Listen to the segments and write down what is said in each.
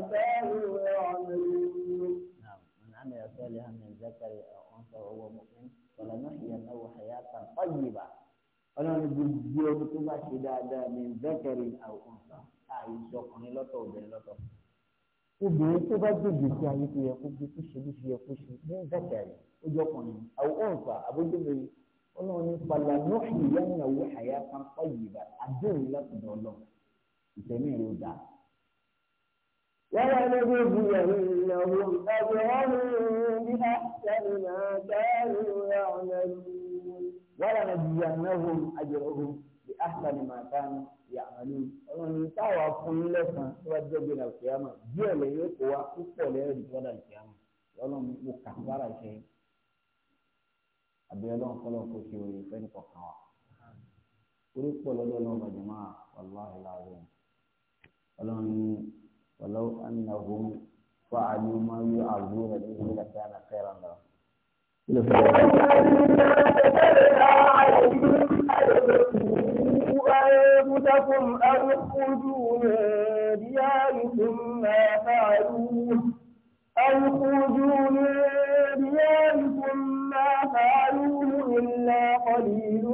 نعم من عمل صالحا من ذكر أو أنثى وهو مؤمن فلنحيينه حياة طيبة ọlọ́run gbogbo ẹni tó bá ṣe dáadáa ní zẹ́kẹ̀rì àwòkọ́nsá àyè ìṣọkùnrin lọ́tọ̀ obìnrin lọ́tọ̀. obìnrin tó bá gbègbè sí ayé tó yẹ kó gbé kó ṣe bí ṣe yẹ kó ṣe ní zẹ́kẹ̀rì ó jọ ọkùnrin àwòkọ́nsá àbójúbẹ̀rẹ̀ ọlọ́run ní pàlà nọ́ọ̀sì yánnáwó àyà kan pàyè bá àdéhùn láti dán ọlọ́run ìtẹ̀mí dáa. ولا ولنجزينهم أجرهم بأحسن ما كانوا يعملون ولنجزينهم أجرهم بأحسن ما كانوا يعملون ومن توا كل لسان توجه بين القيامة جيل يقوى كفول يرجون القيامة يقولون مكفر شيء أبي الله قالوا كشيوي فين قطعوا قلت قولوا لهم يا جماعة والله العظيم قالوا ولو أنهم فعلوا ما يعظون به لكان خيرا لهم أنفسكم أن اخرجوا من دياركم ما فعلوه أن اخرجوا من دياركم ما فعلوه إلا قليل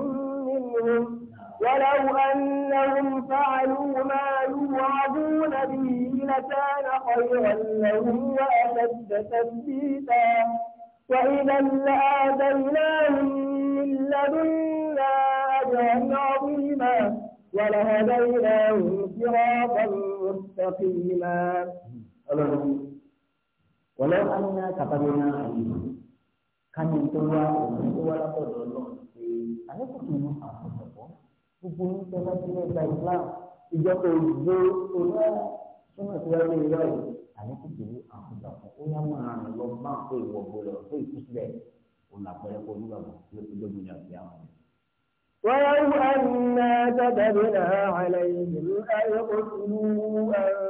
منهم ولو أنهم فعلوا ما يوعدون به لكان خيرا لهم وأشد تثبيتا وإذا لآتيناهم من لدنا أجرا عظيما ولهديناهم صراطا مستقيما ولو أنا كتبنا عليهم كان قوة ومن هو Islam ìjọ tó gbé oná súnmọ́ síwájú ìlú ọ̀yọ́ àlékùtù àwọn ìgbàkan ó yá máa rìn lọ bá àpò ìwọ̀ gbọdọ̀ fún ìkúsílẹ̀ olùlàpẹ̀rẹ̀ kó onígbàgbọ́ ló ti gbé gbìyànjú àti àwọn ọ̀rẹ́. ولو أنا كتبنا عليهم أن يقتلوا أنفسهم أو يخرجوا من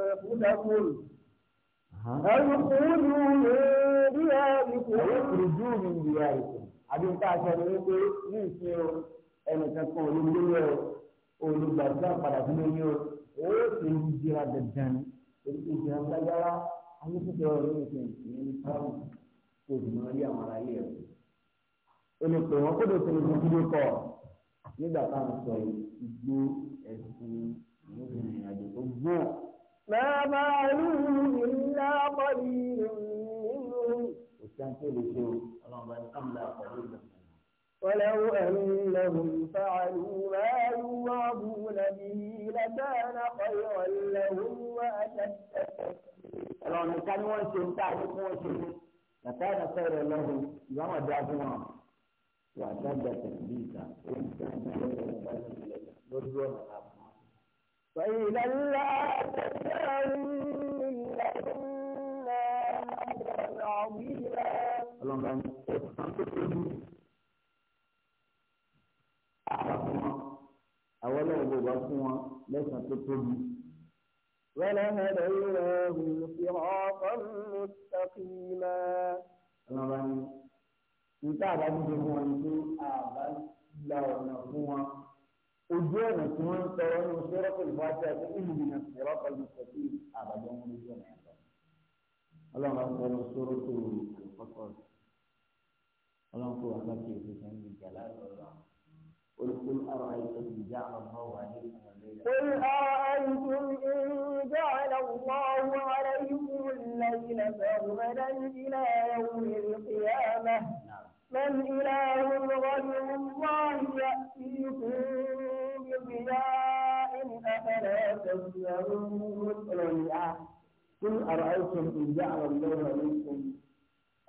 دياركم أو يخرجوا من دياركم àbí nǹkan àṣẹ ni wípé ní ìṣe ẹnìkan kan olùgbàgbà padà sínú yín o ó sì ń jira dandan èyí tó jira gbàgbára ayé tó jẹ́ ọ̀rọ̀ ìṣẹ̀ ìṣẹ̀ ní sáwọn kò sì máa rí àwọn aráyé rẹ̀. olùpè wọn kódò tó lè fi fídíò kọ nígbà táwọn sọ ìgbó ẹ̀sìn ìrìn àjò tó gbọ́. bàbá olúwo ìlà pọ̀lì ìrìn nínú. òṣìṣẹ́ tó lè ọlọ́run bá ní kámúlà pọ̀lú ìgbà. ولو أنهم فعلوا ما يوعظون به لكان خيرا لهم وأشد لو كان وانسوا تعرف وانسوا لكان خيرا لهم وما دعوا وأشد تثبيتا فإذا لا تسألن لهم عظيما àwọn náà lè wá fún wọn lẹ́sàn tó tóbi. ولهديناهم صراطا مستقيما ọlọ́ba ni níta àbájúde fún wọn ni pé àbá la ọ̀nà fún wọn ojú ọ̀nà tí wọ́n ń sọ̀rọ̀ ní sọ́rọ́pọ̀ ìfọwọ́sí àti ìlú náà sọ̀rọ̀pọ̀ ìfọ̀sí àbájọ wọn lójú ọ̀nà yàtọ̀ ọlọ́ba ń sọ̀rọ̀ sọ́rọ́ tó àlùfọ́sọ̀rọ̀ ọlọ́run kò wá láti èdè sẹ́yìn ìjà láàrọ̀ ọlọ́run. قل قل أرأيتم إن جعل الله عليكم الليل نعم. قل أرأيتم إن جعل الله عليكم الليل سرمدا إلى يوم القيامة من إله غير الله يأتيكم بضياء أفلا تسمعون قل أرأيتم إن جعل الله عليكم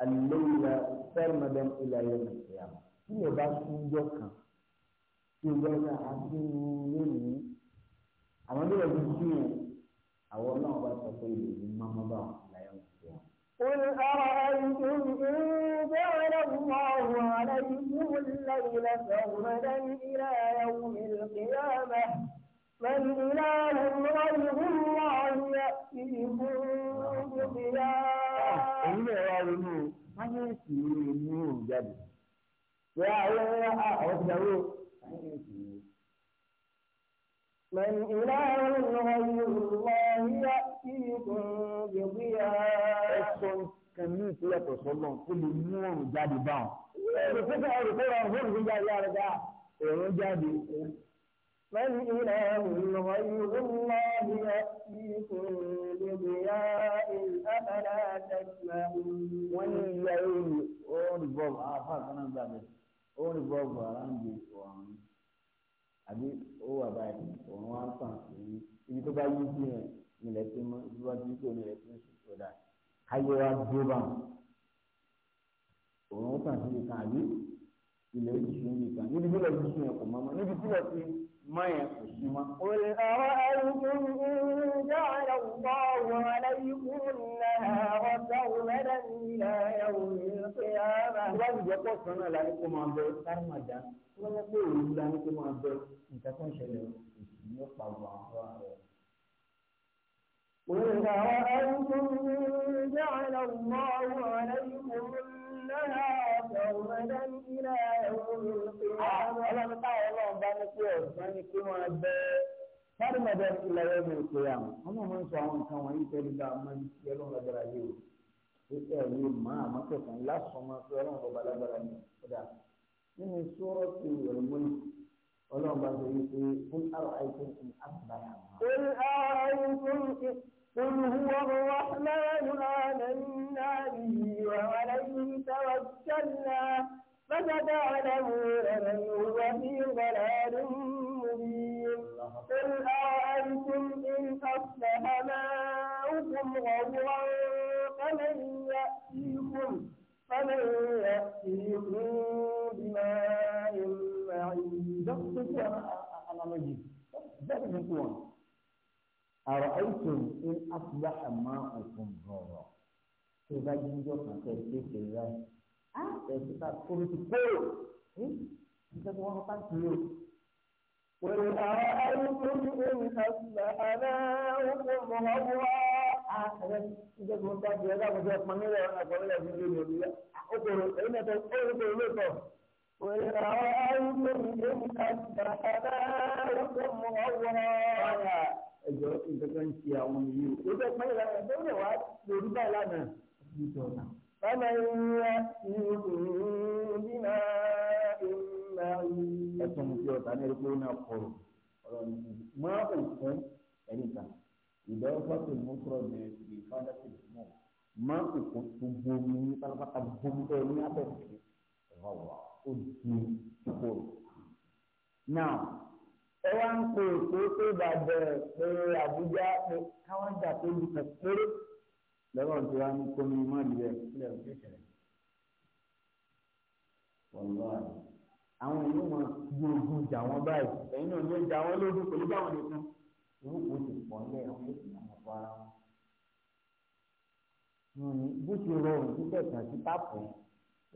الليل سرمدا إلى يوم القيامة. Ini bahasa Indonesia. tí ìwé ẹ̀ka àti lónìí àwọn bí wọ́n ti sí yẹn àwọn náà bá sọ pé ìlú ní mọ́mọ́bà láyé wọn sí wọn. قل أرأيتم إن جعل الله عليكم الليل سرمدا إلى يوم القيامة من إله غير الله يأتيكم بضياء. Ìyá àwọn ọ̀sẹ̀ wo من إله غير الله يأتيكم بضياء ẹ̀sùn kẹ̀mí ìpínlẹ̀ tọ̀sọ́lọ́ ó lè mú òrùn jáde bá wọn. ẹ̀rọ fífẹ́ ẹ̀rọ tó ra òun fún jáde ara dá ẹ̀rọ jáde. من إله غير الله يأتيكم بضياء أفلا تسمعون. wọ́n ní ilé ẹ̀rọ òun bọ̀ àfáà kan náà gbàgbé ó ń rìvọ́ọ̀bù aráàlú ọ̀run àbí ó wà báyìí ọ̀run wá ń tàn sí ibi tó bá yí sí ẹ̀ nílẹ̀ tí mo ibi wá sí kò nílẹ̀ tí mo sì tó dà káyé wá dúró bá wọn ọ̀run ó tàn sí ibi àbí ilẹ̀ ó ti níbi tí lọ́ọ́ ti sùn ẹ̀ kò mọ́ mọ́ níbi tí lọ́ọ́ ti mayan kusuma. Qul ara'aytum in ja'ala Allahu 'alaykum an-nahara sarmadan ila yawm al-qiyamah. Wọ́n ti jẹ́ pọ̀ sọ́nà láti kó máa bẹ sármàdá. Wọ́n yẹ pé òun la ní kó máa bẹ nǹkan tó ń ṣẹlẹ̀ òsì ní ọ̀pá ọ̀gbà àwọn rẹ̀. Qul ara'aytum in ja'ala Allahu 'alaykum لها سرمدا إلى يوم القيامة ألم تعالى الله بانك يوم كما سرمدا إلى يوم القيامة أما من سوى كما يتلقى من يلون لدرجه Iṣẹ́ yìí máa mọ́tòkàn lásọmọ pé ọlọ́run bọ̀ balágbára ni kódà. Nínú sọ́rọ́ ti ìrọ̀lùmọ́lì, ọlọ́run bá sọ yìí pé fún àrò àìsàn ìsìn àgbàyà. Fún àrò àìsàn ìsìn قل هو الرحمن آمنا به وعليه توكلنا فستعلمون من هو في ضلال مبين قل أرأيتم إن أصبح ماؤكم غبرا فمن يأتيكم فمن يأتيكم بماء معين. àròáìtùm ń àtúbà àmà òkun bọ̀rọ̀ tí o bá jí ní ọ̀sán kẹ́ẹ̀ ṣe kéré rẹ̀ á ẹ̀sìn ká kóró ti kóró ní ìjọba wọn bá ti rò. ولأرأيتم إن أصبح ماؤكم غورا ìjọba wọn bá jẹ ẹgbẹ́ àkọsílẹ̀ ọ̀pọ̀ nílẹ̀ àkọsílẹ̀ ìlú yá okòrò ẹ̀yìn náà tó ń kó ìlú tọ̀. ولأرأيتم إن أصبح ماؤكم غورا ẹjọ́ nǹkan kan àwọn yìí o. ó jẹ́ pé ìlànà tó wá lórí báyìí lánàá bàbá ìyá ni ìdínà ìlà ẹ̀sùn mi ti ọ̀tá ní ẹni pé ó náà kọ̀rọ̀ ọ̀rọ̀ nìyí. mọ́ òkun ẹ̀rí ta ìdáwọ́ fọ́tò mú sọ̀rọ̀ ní ìfádà tó lè mọ̀. mọ́ òkun tó gbomi ní pátápátá gbomi tó ní abẹ́rẹ́ ìwà wà ó di kòkòrò. now ẹ wá ń pe èkó pé ìbàdàn pé àbújá pé káwọn jà pé olùkọ́ péré lọ́wọ́ tí wàá ní kómi mọ́ ìlú ẹ̀ sílẹ̀ òṣèṣẹ̀rẹ̀. wọ́lọ́ọ̀rì àwọn èèyàn mọ gbogbo jà wọ́n báyìí ẹ̀yin náà yóò jà wọ́n lójú pẹ̀lú báwọn nìkan irú kò sì pọ̀ nílẹ̀ àwọn yóò sì máa fọ ara wọn. Hmm, bó ti rọrùn títẹ̀ kan sí pápọ̀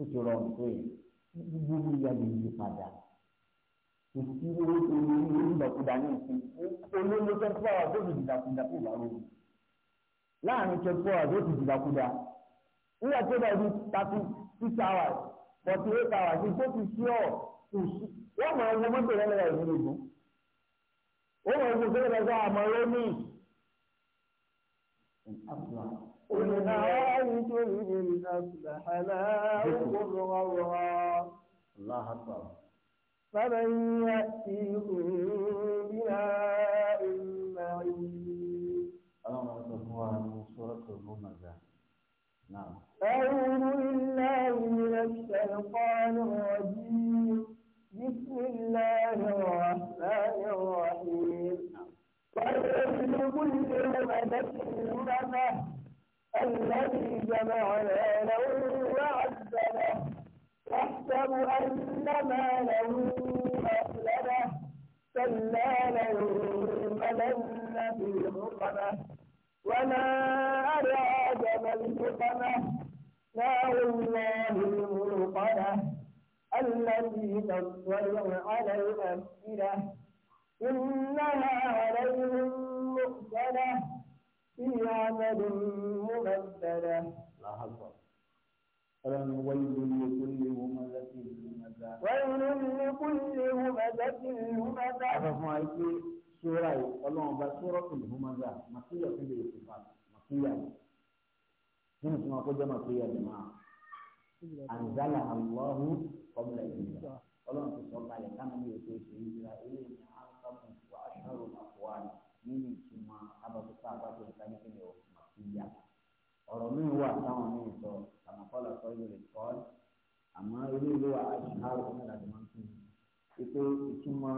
ó ti rọrùn tó yẹ gbogbo ìyá lè yí padà òsì owó tó ní ní ìdàkudà ní ìsìn olóńgbò twenty four hours ó ti dìdàkudà tó wà lóru láàrin twenty four hours ó ti dìdàkudà nígbà tó bá di thirty six hours forty eight hours ní tó ti sí ọ òsì wọn máa wọ mọ́tò rẹ lọ́wọ́ ìlú ìlú ó máa wọ sọ́dọ̀ lọ́wọ́ àmọ́ lónìí. قل أرأيت إن أصبح لا أغرى الله أكبر فمن يأتيكم بماء معين سورة الممزة نعم أعوذ بالله من الشيطان الرجيم بسم الله الرحمن الرحيم ويخلق اليوم نفسه الذي جمع ماله وعدله يحسب أن إنما له مخلبة كلا لينبذن في الحطمة وما أدراك ما الحطمة نار الله الملقنة الذي تطلع على الأفئدة إنها عليهم مؤصدة في عمل ممثلة لا حظ ولن ويل لكل همزة wẹ́rù ní kúlẹ̀ hùmẹ́dẹ́ ti hùmẹ́dẹ́. a fẹ́ fún wa pé sóra yìí ọlọ́run bá sóra fún yìí nínú tí wọn kó jẹ́ yìí máa àǹzálà yìí ọlọ́run ti sọ yìí ra ilé wà aṣọ́rò nínú ìtumọ̀ ọ̀rọ̀ mi wà táwọn mi sọ sọ àmọ́ ilé ìlú àṣìhárò ní àdìmọ́tì wípé ìtumọ̀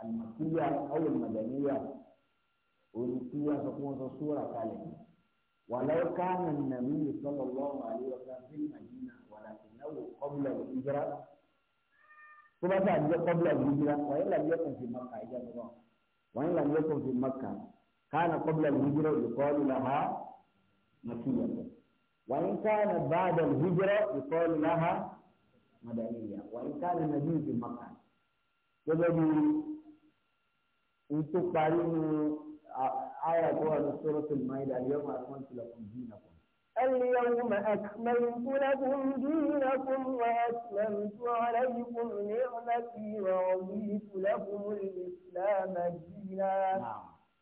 àlùmọ̀tíyà ọ̀wọ̀ màdàníyà olùkíyà sọ fún wọn sọ súwọ́rà kalẹ̀ wàláwó káàmù nàmí ìsọlọ lọ́wọ́ àríwọ̀ká sí màdínà wàlá ìnáwó kọ́bùlà ìjìrá tó bá tà àdìjọ kọ́bùlà ìjìrá wàyí làdìjọ kàn fi maka ìjà tó bá wàyí làdìjọ kàn fi maka káàmù kọ́bùlà ìjìrá olùkọ́ ìlànà màtíyà وإن كان بعد الهجرة يقال لها مدنية وإن كان نبي في مكان تبدي أنتم قارنوا آية من سورة المائدة اليوم أكملت لكم دينكم اليوم أكملت لكم دينكم وأسلمت عليكم نعمتي ورضيت لكم الإسلام دينا نعم.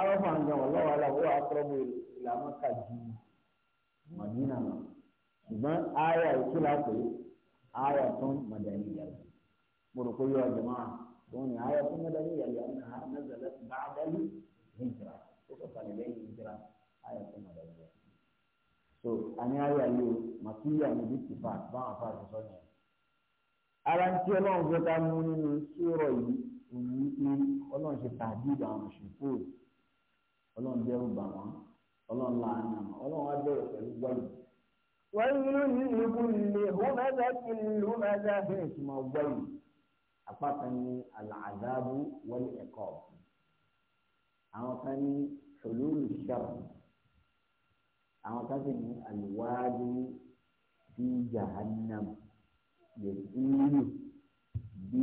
arafa ń gan wallahu a'lam ó aqrabu ila Makkah ju Madina lọ ṣùgbọ́n aya ìtura pé aya tún madaniyya mo rò pé yóò ọjọ́ máa tó ní aya tún madaniyya annaha nazalat ba'da al-hijra ó sọ̀kalẹ̀ lẹ́yìn hijra aya tún madaniyya so àní aya yìí màkìyà ní bí tìfà báwọn afa ti sọ yẹn ara ń tí ọlọ́run fẹ́ ká mú nínú sọ̀rọ̀ yìí òun ní pé ọlọ́run ṣe tàbí ìdá àwọn ṣùkúrò ọlọ́run dẹ́rù bà wọ́n ọlọ́run láàánú àwọn ọlọ́run á bẹ̀rẹ̀ pẹ̀lú wáyé. wáyé nìkú lè hùmẹ́sẹ̀ kí lùmẹ́sẹ̀. bẹ́ẹ̀ sì máa wáyé apáta ní àlàádáàbù wọlé ẹ̀kọ́ àwọn kan ní ṣòlúùlù ṣẹ́rọ̀ àwọn kan sì ní àlùwáàdì sí jahannam lè ìlú bí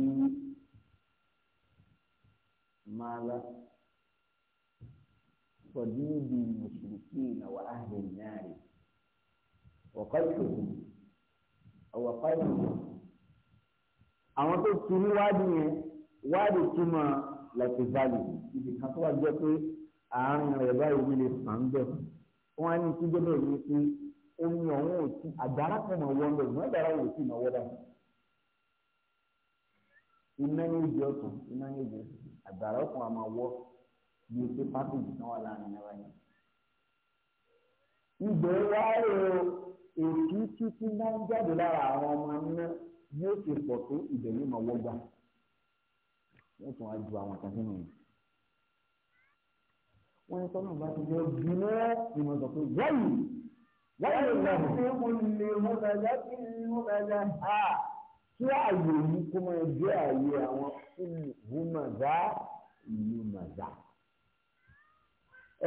máa صديد المشركين وأهل النار وقتلهم أو قتلهم àwọn tó ti ní wádìí yẹn wádìí túmọ̀ lẹ́tìfálì ibi kan tó wà jẹ́ pé àárín rẹ̀ báyìí wí lè sàn bẹ̀ wọ́n á ní kí gbọ́dọ̀ ní pé omi ọ̀hún ò tí àgbàrá kan mọ̀ wọ́n bẹ̀ wọ́n dára wò sí ìnáwó báyìí iná ní ìdí ọ̀tún iná ní ìdí àgbàrá kan àmọ̀ wọ́ bíi pé pákíjì kan wà láàrin ẹwà yẹn. ibẹ̀ wá rò èkì títí máa ń jáde lára àwọn ọmọ náà yóò ṣe pọ̀ tó ibẹ̀ yóò máa wọ́gbà wọ́n tún á ju àwọn kan sínú yìí. wọ́n ń sọ́nà bá ti jẹ́ gbiná ìmọ̀ sọ pé wáyé wáyé ìlànà. ṣé mo lè mú bàjá kí ni mú bàjá? kí ààyè yìí kó máa jẹ́ ààyè àwọn ìlú màdá ìlú màdá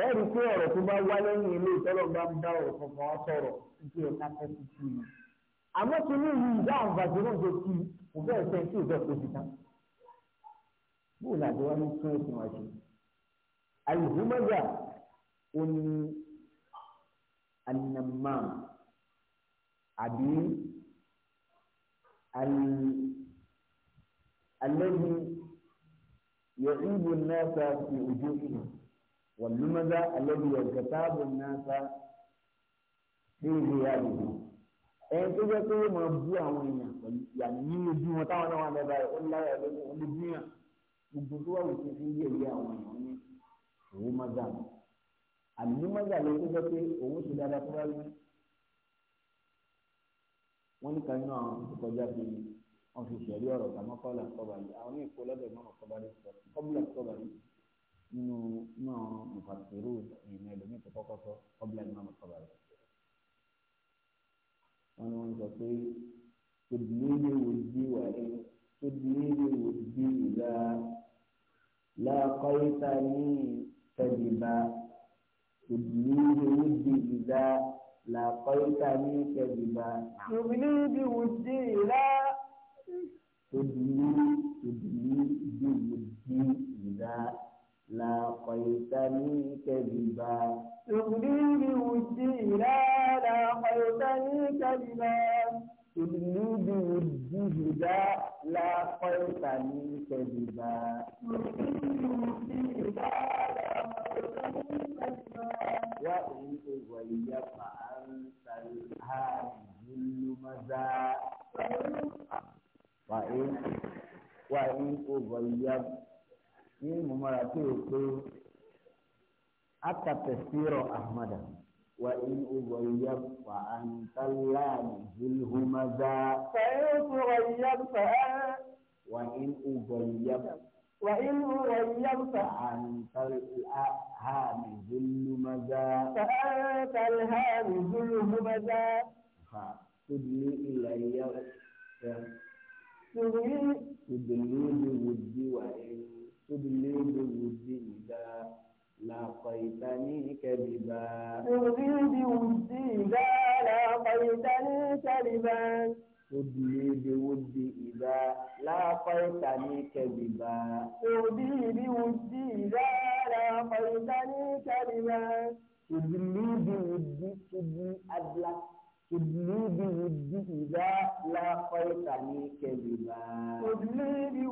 ẹ rí i pé ọ̀rọ̀ tó bá wá lẹ́yìn ilé ìtọ́lọ̀ bá ń dá ọ̀rọ̀ kankan wá sọ̀rọ̀ nítorí ọ̀ká fẹ́ sí kí ni. àmọ́ tí ní ìlú ìdá àwọn bàjẹ́ náà ṣe kí kò bẹ́ẹ̀ fẹ́ sí ìjọ tó ti tán. bó làdé wá ní tún òsì wọn ṣe. àlùfúmọ́gà ó ní anamá àbí alẹ́ni yẹ ìbò náà sá sí ojú ìlú. والنمذ الذي الكتاب الناس في غيابه ẹni tó jẹ́ pé yóò máa bú àwọn èèyàn pẹ̀lú ìyàní nínú bí wọn táwọn náà wà lẹ́ba rẹ̀ ó láyà lóko ó lè bíyàn gbogbo tó wà wò ṣe fi ń yẹ̀yẹ́ àwọn èèyàn ní òun mọ́gà àmì mọ́gà ló tó jẹ́ pé òun ṣe dáadáa tó bá rí wọ́n ní kan nínú àwọn tó kọjá pé wọ́n fi ṣẹ̀rí ọ̀rọ̀ kàmọ́kọ́lá kọ́ba àwọn ní ìkó lọ́dọ̀ ìmọ̀ kọ́ba rí kọ́bùlà nínú náà mùfàsírù ìyẹn ẹlòmíì tó kọ́kọ́ sọ ọ̀bìlà ní mọ́mọ́ sọ̀rọ̀ rẹ̀. wọ́n ní wọ́n sọ pé tòdìléyè wò di wàlé tòdìléyè wò di ìlà lákọ́yítà ní tẹ̀dìbà tòdìléyè wò di ìlà lákọ́yítà ní tẹ̀dìbà. tòdìléyè wò di ìlà. tòdìléyè wò di ìlà. لاقيتني كذبا تبني بودي لا لاقيتني كذبا تبني بودي لا لاقيتني كذبا وإن إغوي فأنت الهادي المزا وإن وإن أغيب ní mọ̀mọ́ra tí o pé atatẹ̀sírọ̀ ahmada wa in ugbọ iya fa antala zulhumaza. fẹ́ẹ́ ugbọ iya fa. wa in ugbọ iya. wa in ugbọ iya fa. antala hami zulhumaza. fẹ́ẹ́ hami zulhumaza. fa tudli ilayya. tudli tudli bi wudi wa in. تبلغ الدين لقيتني كذبا تبلغ الدين لقيتني كذبا Odìlé bi wòdì ìdá láfàìtà ní kẹ̀bìbá. Odìlé bi wòdì ìdá láfàìtà ní kẹ̀bìbá. Odìlé bi wòdì tóbi adla. Odìlé bi wòdì ìdá láfàìtà ní kẹ̀bìbá. Odìlé bi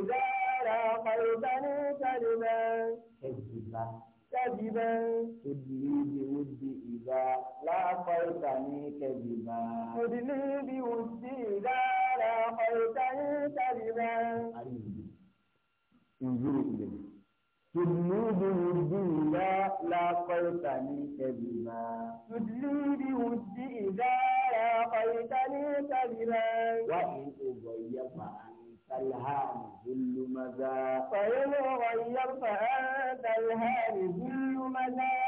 ìdá. على قلبه كذبا كذبا كذبا خذني بودي إذا لاقيتني كذبا خذني بودي إذا لاقيتني كذبا انظروا إليه تدلي بودي إذا لاقيتني كذبا تدلي بودي إذا لاقيتني كذبا وإن أبيت الهام كل مدى فإن غيرت هذا الهام كل مدى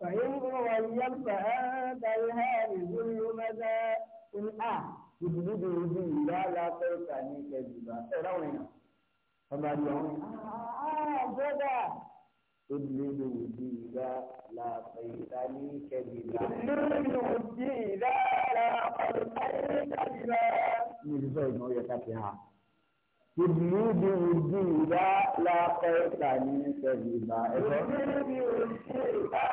فإن غيرت هذا الهام كل مدى قل آه يجب به لا لا تلقني كذبا ترون فما اليوم آه،, آه جدا تدلل وجيدا لا تلقني كذبا تدلل وجيدا لا تلقني كذبا نجزوه ما يكفيها Ìbùnúbi ìdí ìdá lápẹ́ ìta ní ìṣẹ̀lẹ̀ ìgbà ẹ̀rọ. Ìbùnúbi ìdí ìdá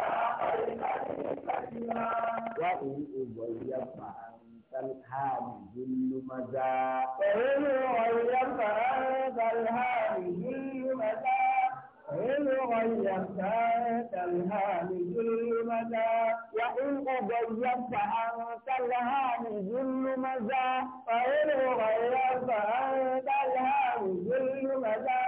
lápẹ́ ìta ní ìṣẹ̀lẹ̀ ìgbà ẹ̀rọ. Wá èyí ìbọ̀ ìyá pa àrùn Sálíháàmì Júlú Mọ́já. Èyí ìbọ̀ ìyá pa àrùn Sálíháàmì Júlú Mọ́já. غير ساعة الهامج المدى وإن أضيت فأنت الهامج المدى فإن غيرت فأنت الهامج المدى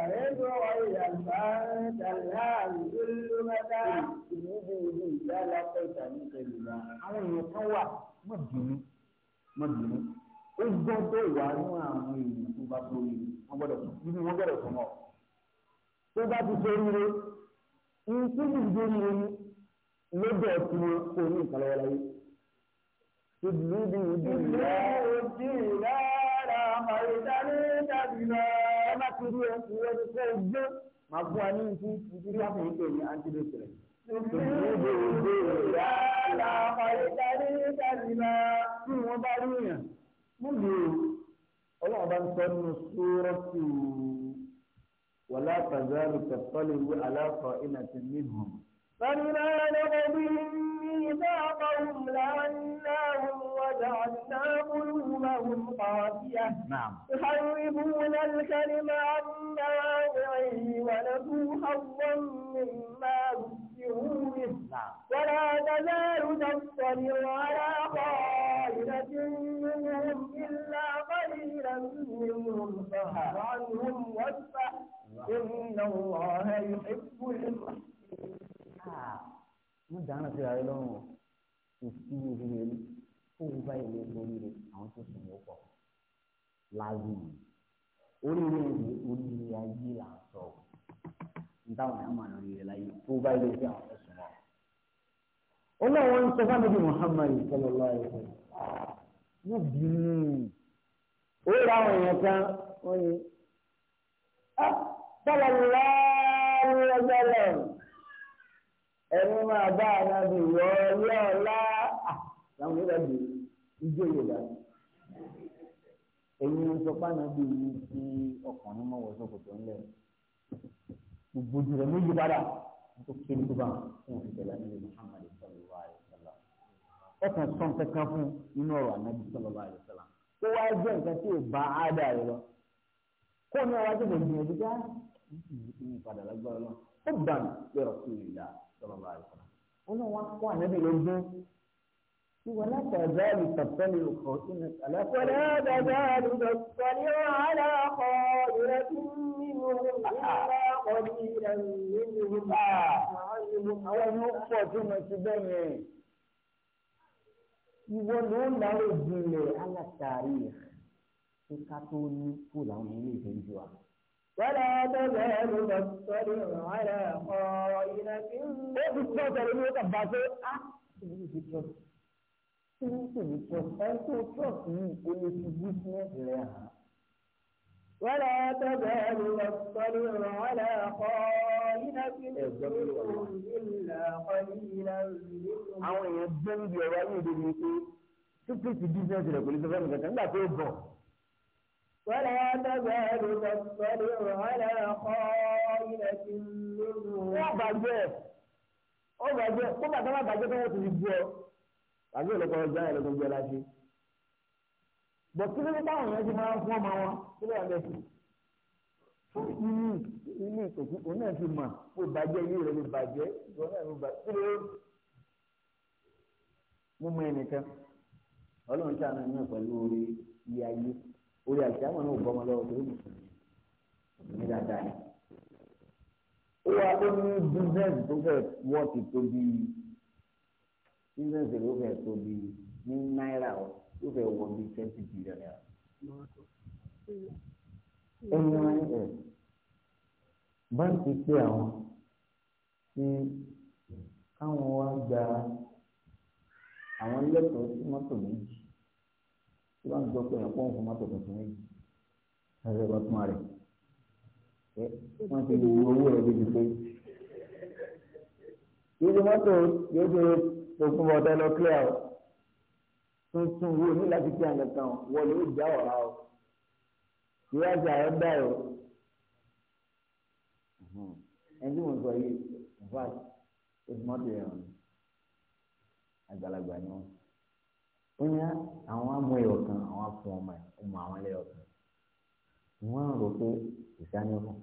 وإن غيرت فأنت الهامج المدى بيده سلقت مثلا àwọn èèyàn kan wà má bínú má bínú ó gbọ́dọ̀ wà nínú àwọn èèyàn tó bá tó yẹ wọ́n gbọ́dọ̀ sùn nínú wọ́n gbọ́dọ̀ sùn náà tó bá ti sori re ní tó ti dórí re ní lójú ọtí ni kò ní ìkàlọ́wọ́ láyé. Ìdílé òjì rárá àmọ̀ dàbí lọ. Ẹ má ti rí ẹ ti rí ẹni Màá fún wa ní ìdí ìdílé àfọ̀yí pé ní antidote rẹ̀. Ìdílé òjì rárá àmọ̀ dàbí lọ. Bí wọ́n bá rí èèyàn, mú mi o. Ọlọ́run bá ń sọ nínú sóòrọ́sì ولا تزال تطلع على قائمة منهم فبما نقضهم ميثاقهم لعناهم وجعلنا قلوبهم قاسية نعم يحرفون الكلم عن مواضعه ونسوا حظا مما ذكروا به نعم ولا تزال تطلع على قائمة منهم إلا قليلا منهم فاعف عنهم واصفح inna Allaha yuhibbul muhsinin. mo dáná sí ara rẹ lọ́rùn o kò sí orí rẹ rí kó o bá ilé lórí rẹ àwọn tó sùn ó pọ̀ láàyè oríire rẹ oríire ayé là ń sọ o ntáwọn yà máa lórí rẹ láyé kó o ilé sí àwọn tó sùn ó. olóòwò ń sọ fún mi Muhammad sallallahu alaihi wasallam mo bínú ó ra àwọn èèyàn kan wọ́n yẹ sọ́lọ̀ láàrin ọjọ́ lẹ́yìn ẹni máa bá ànábì yọ lọ́ọ̀lá àwọn ìrẹ́bì ìjọ yorùbá èyí ń sọ pànábì yìí tí ọkùnrin mọ̀ wọ́n sọ̀kò tó ń lẹ̀ gbogbo ojú rẹ̀ méjì padà tó kéde tó bá fún ìṣẹ̀lẹ̀ nílé muhammadu sallallahu alayhi wa sallam ọkàn sọ̀n kankan fún inú ọ̀rọ̀ ànábì sallallahu wa sallam ó wáá jẹ́ nǹkan tí ò bá àádá rẹ̀ lọ kó ní ọwájú bẹ̀rẹ̀ gbìyànjú ní ìpadà lágbára náà ó dànù lọ́rọ̀ sí ìlà sọ̀rọ̀ bá rẹ̀ sọ̀rọ̀. ó náà wọ́n kó ànábì lógún tí wọ́n látàdá lè tàbẹ́lì ọkọ̀ sí ní àlàkọ́lẹ́ dàgbà àdúgbò pẹ̀lú àlà ọkọ̀ ìrẹsì nínú ìlà ọdún nínú ìlà àwọn ọmọ pọ̀ tí mo ti ìwọ ló ń lárò jinlẹ̀ alátàrí ìka tó ní kó làwọn ilé ìfẹ́ jù ولا تزال تطلع على خائنة ó fi tọ́ sọ̀rọ̀ ní ọkà bá pé á ah, ìlú ti tọ́ kí ló ń pè ní tọ́ ẹ tó tọ́ sí omi ti bísíǹsì rẹ̀ hàn. ولا تزال تطلع على خائنة منهم إلا قليلا منهم. àwọn èèyàn gbẹ́ndì ọ̀rọ̀ ayé ìdòwò yìí pé tó pèsè bísíǹsì rẹ̀ kò lè sọ fẹ́ẹ́ nìkan nígbà tó bọ̀. ولا تزال تطلع على خائنة منهم wọ́n bàjẹ́ ó bàjẹ́ kó bàtà má bàjẹ́ tó wọ́n ti bu ọ bàjẹ́ ìlọ́kọ̀ ọjà ìlọ́kọ̀ ọjà ṣe bọ̀ kí ló dé táwọn èèyàn ti máa ń fún ọmọ wọn kí ló wà lẹ́sìn fún inú inú ìtòkú òun náà ti mà kó bàjẹ́ ilé rẹ̀ ló bàjẹ́ ìwọ náà ló bàjẹ́ kí ló mú mọ ẹnìkan ọlọ́run tí a nà ní ọ̀pẹ̀lú orí ilé ayé orí àti àwọn náà gbọmọ lọ́wọ́ torí mùsùlùmí ní dáadáa ni. ó wá ó ní bísíǹsì tó fẹ́ wọ́ọ̀tì tó bí bísíǹsì tó fẹ́ tó bí ní náírà ó tó fẹ́ wọ bí twenty billion naira. ẹni wọn ẹ báńkì pé àwọn tí káwọn wá gba àwọn lẹ́tọ̀ọ́ sí mọ́tò méjì tó bá ń gbọ́ pé ẹ̀kọ́ ń fún mọ́tò tuntun méjì ẹ̀rọ ẹ̀rọ tún rẹ̀ pé wọ́n ti lè wo owó rẹ̀ débi pé ìdí mọ́tò yóò ṣe òkun ọ̀tẹ́ lọ clear o tuntun wo ní láti kí àgbẹ̀ kan wọlé ó já ọ̀rá o ìwádìí àwọn dá o ẹni tí mo sọ yìí in fact ó ti mọ́tò yẹn o àgbàlagbà ni wọ́n ó ní ah, àwọn amú ẹyọ kan àwọn afún ọmọ ẹ ọmọ àwọn ẹlẹyọ kan wọn rò pé ìsáni fún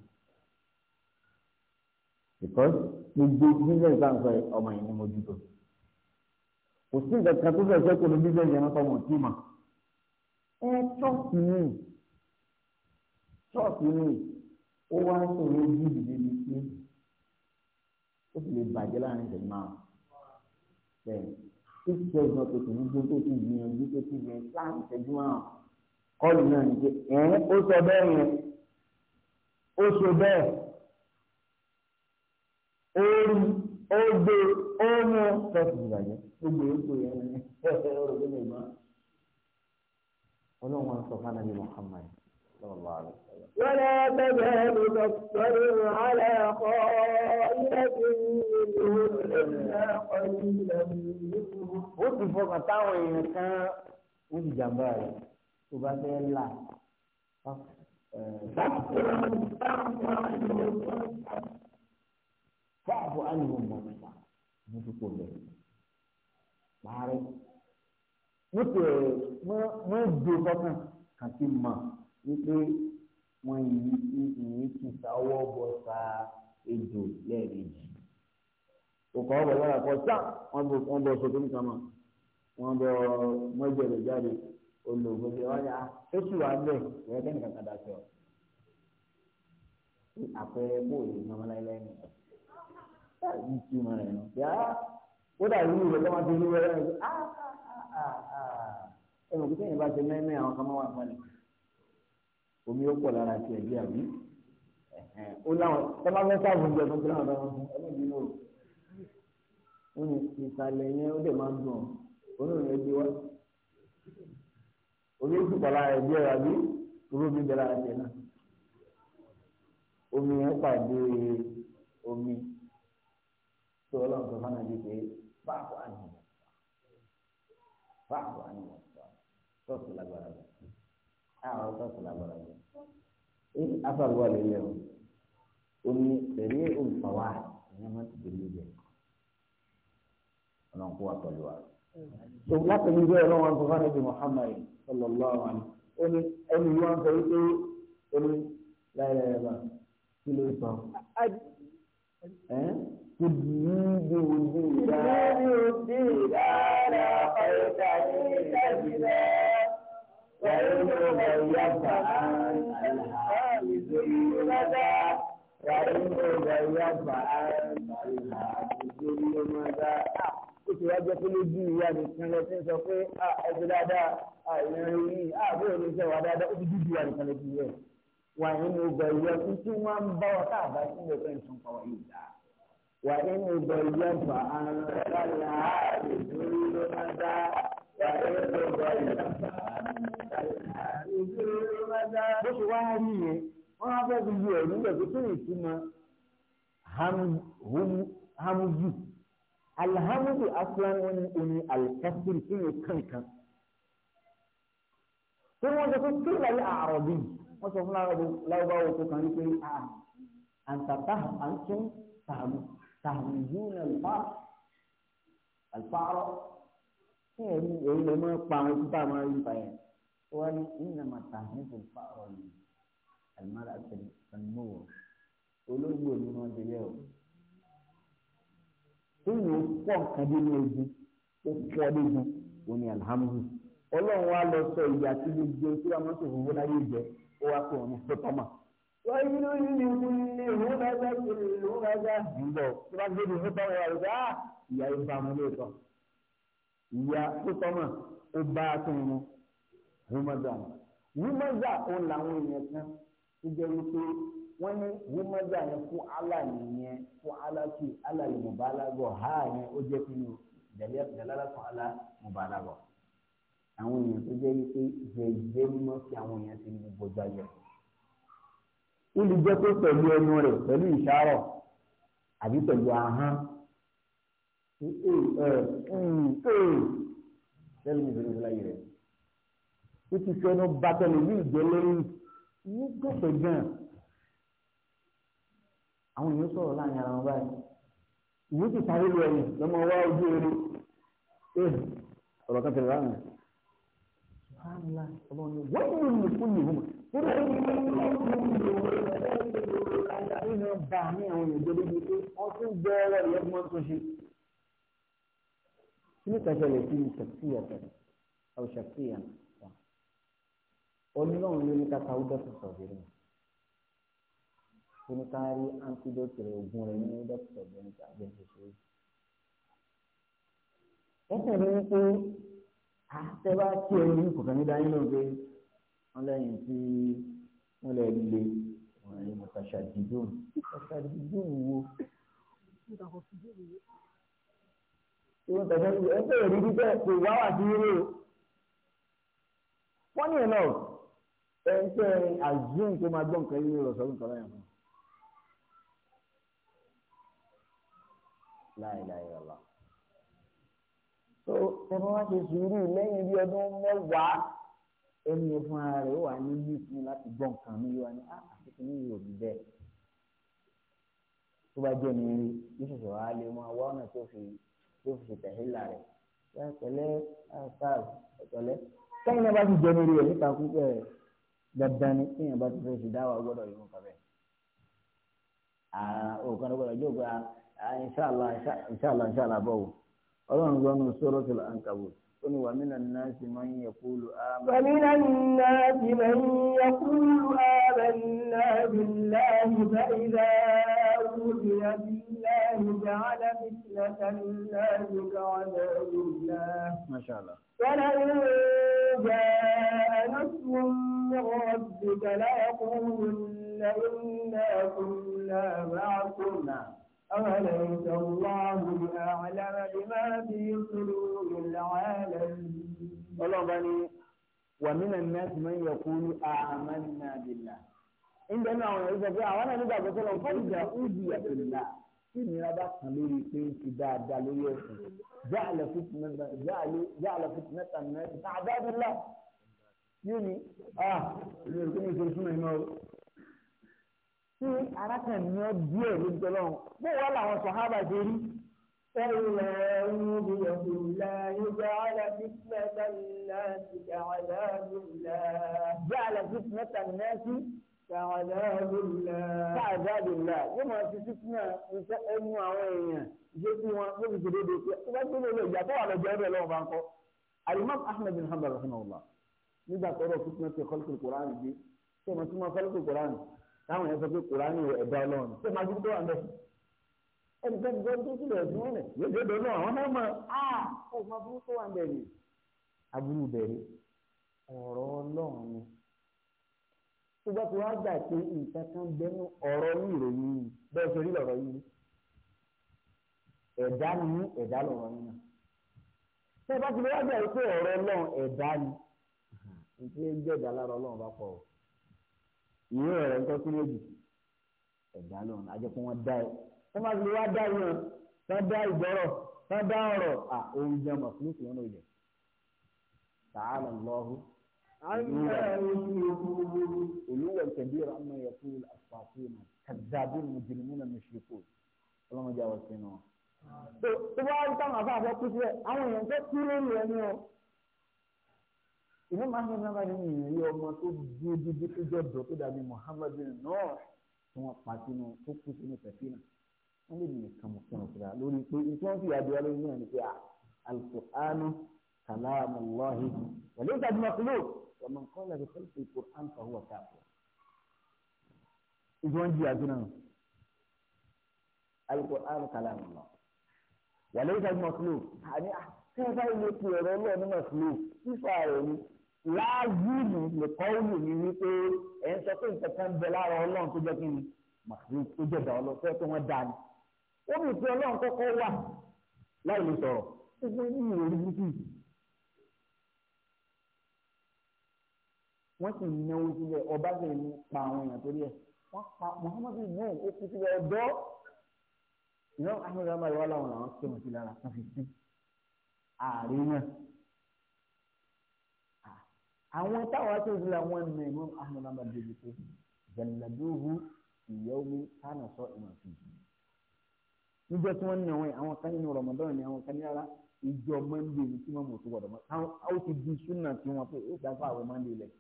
because gbogbo business bá ń sọ ọmọ yìí ni mo dúró kò sí nǹkan kan tó fẹ́ fẹ́ kó ní business yẹn lọ́tọ̀ wọn kí mà ẹ trust me trust me ó wá sọ̀rọ̀ ojú ìdílé sí ó sì lè bàjẹ́ láàrin ìṣẹ̀lẹ̀ márùn bẹ́ẹ̀ six twelve náà tó ti ní gbogbo tó ti gbìyànjú tó ti gbìyànjú láàrin ìṣẹ́jú márùn-ún kọ́ọ̀lù náà ní pé ẹ̀ẹ́n ó sọ bẹ́ẹ̀ yẹn ó sọ bẹ́ẹ̀ ó rí ó gbé ó mú fẹ́ẹ̀sì ìbàjẹ́ gbogbo èso yẹn ní ẹ̀ẹ́dẹ́ ọ̀rọ̀ tó lè ọlọ́run wa sọ fún anabi Muhammad sallallahu alaihi wasallam. ولا تزال تطلع على خائنة منهم إلا قليلا منهم ó ti fọkàn táwọn èèyàn kan ó ti jàǹbá rẹ̀ tó bá fẹ́ là fáàfù ánìwọ̀n mọ̀ nípa mo ti kò bẹ̀rẹ̀ parí mo tẹ̀ mọ́ mọ́ do fọkàn kàti mọ̀ wípé wọn yìí tí ìyẹn ti sáwọ́ bọ̀ sa ejò lẹ́ẹ̀mejì. òkò ọ̀bọ̀ lọ́la kọ sá wọ́n bọ̀ sọ́kún kan mọ̀ wọ́n bọ̀ jáde olùgbèsè wọn yà wà bẹ́ẹ̀ ìwọ́n kẹ́ni kankan dà sọ. àpẹẹrẹ kó o lè nàmọ́ láéláé nù. báyìí ní tí mo rẹ̀ nù. yà á ó dàbí ti rí wẹ́rẹ́ ẹ̀ ẹ̀ mọ̀ kí sẹ́yìn bá ti mẹ́mẹ́ àwọn kan máa wà fún ẹ̀ omi ó pọ̀ lára ti ẹ̀jẹ̀ àbí ó láwọn tọ́lá fẹ́ sáàbù ń jẹun tó láwọn ọ̀dọ́ wọn ẹlẹ́bi náà ó ní ìsàlẹ̀ yẹn ó dẹ̀ máa ń dùn ọ́ òun ò ní ẹbí wá omi ó pọ̀ lára ẹ̀jẹ̀ àbí irú omi bẹ̀rẹ̀ ara tiẹ̀ náà omi yẹn pàdé omi tó ọlọ́run tó fánà bíi pé báàbò àníyàn báàbò àníyàn sọ́ọ̀tù lágbára rẹ̀ àwọn sọ́ọ̀tù lágbára rẹ̀ ní afárúwá lélẹ̀ o ó ní sẹ̀rí olùfàwà ìyẹn máa ti dèlé jẹ ọlọ́run kó wa pẹ̀lú wa. tó láti ní bí ọlọ́run tó bá ní bí Muhammad sallallahu alaihi ó ní ẹni yóò sọ wípé ó ní láìláìlá kí ló sọ. تجيب الدين على قلبك تجدا وإن غيرت عن الهوى ماذا وإن غيب عن الحاجز ماذا ó ti wá jẹ́ pé lójú ìyá nìkan lọ sí sọ pé ẹgbẹ́ dáadáa àìrìn yìí àbúrò ní sẹ́wà dáadáa ó ti dúdú ìyá nìkan lójú rẹ̀ wà nínú ọgbà ìyá tí tí wọ́n ń bá wa káàbá sí ilé ẹ̀kọ́ ìtàn pàwọ́ yìí dá wà nínú ọgbà ìyá bà á ń rẹ̀ lálẹ́ àárẹ̀ lórí ló máa dá wà nínú ọgbà ìyá bà á bó ṣe wá rí yẹn wọ́n á fẹ́ fi yọ ẹ̀mí lẹ̀ tó tó ìtumọ̀ hamudu alhamudu aslan wọn ni oní alikasiri kí ni kankan tí wọ́n sọ pé kí lẹ́yìn àròbí wọ́n sọ fún lárúbáwò tó kàn ní pé a àǹtàtà àǹtún tààmù tààmù yìí ní alfa ṣé ẹ̀rí èyí lè máa pa àwọn títà máa rí pa ẹ̀ wọ́n ní nínú màtà nípò fa ọ̀nà àlùmọ́ra àtẹnumọ́wọ̀ olóògbé ni wọ́n ti yẹ o nínú pọ̀ nǹkan bí ní ojú ó pọ̀ lójú òní alhamdu ọlọ́run wa lọ sọ ìyá tí gbogbo tí wàá mọ́tò fún fúnra yóò jẹ ó wá pé òun tó tọ́ mà. wọ́n yí ló yí ni wọ́n ní ìwọ́n bá gbà kiri ìwọ́n bá gbà. ǹjọ́ tí wọ́n gbé ní fún tọ́wọ́ yàrá ìyá ìbámu lóòótọ́ ìyá tó tọ́mọ̀ ó bá a tó wọn wúmọ́dà wúmọ́dà òun làwọn èèyàn kan tó jẹ́ wípé wọ́n ní wúmọ́dà yẹn fún aláàlì yẹn fún aláàkì aláàlì mọ̀bálágọ̀ ha yẹn ó jẹ́ kí ni jàlálà fún alá mọ̀bálágọ̀ àwọn èèyàn tó jẹ́ wípé jẹ́jẹ́ mímọ́ sí àwọn èèyàn ti ní gbogbo ayọ̀ ó lè jẹ́ pé pẹ̀lú ẹnu rẹ̀ pẹ̀lú ìṣàrọ̀ àbí pẹ̀lú ahọ́n lẹ́nu ìbẹ̀rẹ̀ ìbẹ̀rẹ̀ ayé rẹ̀ ó ti fi ẹnu bàtà lè ní ìjẹ́ lẹ́yìn ní gbèsè gan àwọn èèyàn sọ̀rọ̀ láàrin ara wọn báyìí ìwé ti sáré lu ẹ̀yìn lọ́mọ wá ojú eré ọ̀rọ̀ kan tẹ̀lé láàrin sùhánilá ọlọ́run ni wọ́n mú mi fún mi hùmà nígbà tí wọ́n mú mi lò wọ́n ẹ̀rọ ìgbà ní àwọn èèyàn jẹ́ lójú pé wọ́n tún gbọ́ ọ̀rọ̀ ìyẹ́fún mọ́tò ṣe kí ni kàṣẹ lè fi ṣàkíyà tẹ̀lé àwọn ṣàkíyà wà onílọ́run ló ní ká ta ọdọ́tù sọ̀bẹ̀rẹ̀ kí ni ká rí antidote rẹ̀ oògùn rẹ̀ ní ọdọ́tù sọ̀bẹ̀rẹ̀ tàbí ẹ̀ṣẹ̀ṣẹ̀ yìí. ó tẹ̀lé wípé àtẹ́wá tí ẹni ní kò fẹ́ ní lẹ́yìn tí wọ́n lè le wọ́n lè mọ̀tàṣà dídùn mọ̀tàṣà dídùn wo ìwé tẹ̀sán ti ẹ̀ ń tẹ̀lé rí títẹ̀ kò wá wà sí eré o. funny enough ẹ ń tẹ́ àzún tó máa gbọ́ nǹkan yìí rọ̀ sọ́dún kan lẹ́yìn fún. láìláì ọ̀la. tó ẹni wá ṣe sùúrù lẹ́yìn bí ọdún mẹ́wàá ẹni yẹn fún ara rẹ̀ ó wà ní yíkú láti gbọ́ nǹkan mi yóò wá ní àkókò ní yóò bí bẹ́ẹ̀. tó bá jẹ́ mi rí yóò ṣẹ̀ṣẹ̀ wá lé wọn ọ̀nà tó fi yóò fi tẹ̀hílà rẹ̀ pẹ̀lẹ́ sáàb pẹ̀lẹ́ kẹ́yìn náà bá ti jẹ́ nílé nípa púpẹ̀ dandan ni kí èèyàn bá ti fẹ́ ṣe dáwà gbọ́dọ̀ yóò kọ́ bẹ́ẹ̀. òkan gbọ́dọ̀ yóò gba inṣàlá inṣàlá inṣàlá bọ̀wò ọlọ́run gbọ́ nù sọ́rọ́ tó lọ́n kàwé ó ní wà mílíọ̀nù náà sì máa ń yẹ kúlù ámà. wà mílíọ̀nù náà sì máa ń yẹ رضي الله جعل فتنة الله جعل الله ما شاء الله ولئن جاء نصر من ربك ليقولن إنا كنا معكم نعم. أوليس الله بأعلم بما في صدور العالمين. والله بني ومن الناس من يقول آمنا بالله ńbẹ ní àwọn ìgbà pé àwọn náà nígbàgbọ́ tó lọ fún ìjà ìdí àtìlá tí ìnira bá kàn lórí pé ń ti dáadáa lórí ẹ̀sìn jáàlẹ̀ fìtìmẹ́ta mẹ́ta àdáàdúlá yóò ní ilé ìrìkú ní ìṣòro súnmọ́ iná o. tí arákùnrin ní ọ díẹ̀ ló ń tọ́ lọ́rùn bó wà láwọn sọ̀hábà ṣe rí. فَإِلَّا أُوذِيَهُ لَا يُجْعَلَ فِتْنَةَ النَّاسِ كَعَذَابِ اللَّهِ جَعَلَ فِتْنَةَ النَّاسِ Sàdádùlá yóò máa fi fífúnà iṣẹ́ ẹnu àwọn èèyàn jẹ́ kí wọ́n ló fi ṣèdédé pé ó bá gbélé lọ ìyàtọ̀ wà lọ́jọ́ ẹ̀rọ lọ́wọ́ bá ń kọ́. Alimam Ahmed bin Hanbal rahimahullah nígbà tó rọ̀ fífúnà pé kọ́lùkù Kùránì dé ṣé mo tún máa kọ́lùkù Kùránì táwọn èèyàn sọ pé Kùránì ẹ̀dá Ọlọ́run ṣé máa dúró wà mẹ́sì. tó sílẹ̀ ẹ̀sìn wọn nẹ̀ tó bá ti gbà pé nǹkan kan bẹnu ọrọ yìí ròyìn yìí bẹ́ẹ̀ ṣe rí lọ́rọ̀ yìí ẹ̀dá ni yìí náà bá ti wá gbà pé ọ̀rọ̀ ọlọ́run ẹ̀dá ni nǹkan ẹ̀ jẹ́ lára bá ìwé méjì wọn dá ẹ bá ti wá dá yẹn dá dá uluwa kabira amma yaqul asfatin kadhabun mujrimuna mushrikun ọlọ́mọ jẹ́ àwọn sínú wọn. tó bá wá táwọn afáàfẹ́ kú sílẹ̀ àwọn èèyàn tó kú lórí ẹni o. ìlú máa ń sọ náà ní ìrírí ọmọ tó dúró dídí tó jọ dọ̀ tó dàbí Muhammad náà tí wọ́n pa sínú tó kú sínú tẹ̀síìnà. wọ́n lè nìyẹn kàn mọ́ sínú síra lórí pé iṣẹ́ wọn fi ni pé al-Qur'anu kalamullahi wàlẹ́ ìtàdí mọ̀kúlò ومن قال بخلق القرآن فهو كافر إذن جي أجنان القرآن كلام الله وليس المخلوق يعني كيف يكون الله مخلوق كيف يعني láàzìlù lùkọ́ọ̀lù mi wípé ẹ̀ ń sọ pé nǹkan kan bẹ lára ọlọ́run tó jẹ́ kí ni màkìrì tó jẹ̀dá ọlọ́fẹ́ tó wọ́n dání. wọ́n sì náwó síbẹ̀ ọba sì ń pa àwọn èèyàn torí ẹ̀ wọ́n pa Muhammad ibn ó kú síbẹ̀ ọ̀dọ́ ìyá ahmed amadu wà láwọn làwọn tó wọn sí lára wọn fi sí ààrẹ náà àwọn táwọn tó sí la wọn nà ìmọ̀ ahmed amadu bèbè pé jẹ̀lẹ̀dóhu ìyẹ́wò kánà sọ ìmọ̀ sí i níjọ́ tí wọ́n ń yàn wọ́n àwọn kan nínú rọmọdọ́rọ̀ ni àwọn kan ní ara ìjọ mọ́ndé ní tí wọ́n mọ̀ tó gbọ́dọ̀ mọ́ àwọn ti di súnà tí wọ́n pé ó dáfà àwọn mọ́ndé lẹ̀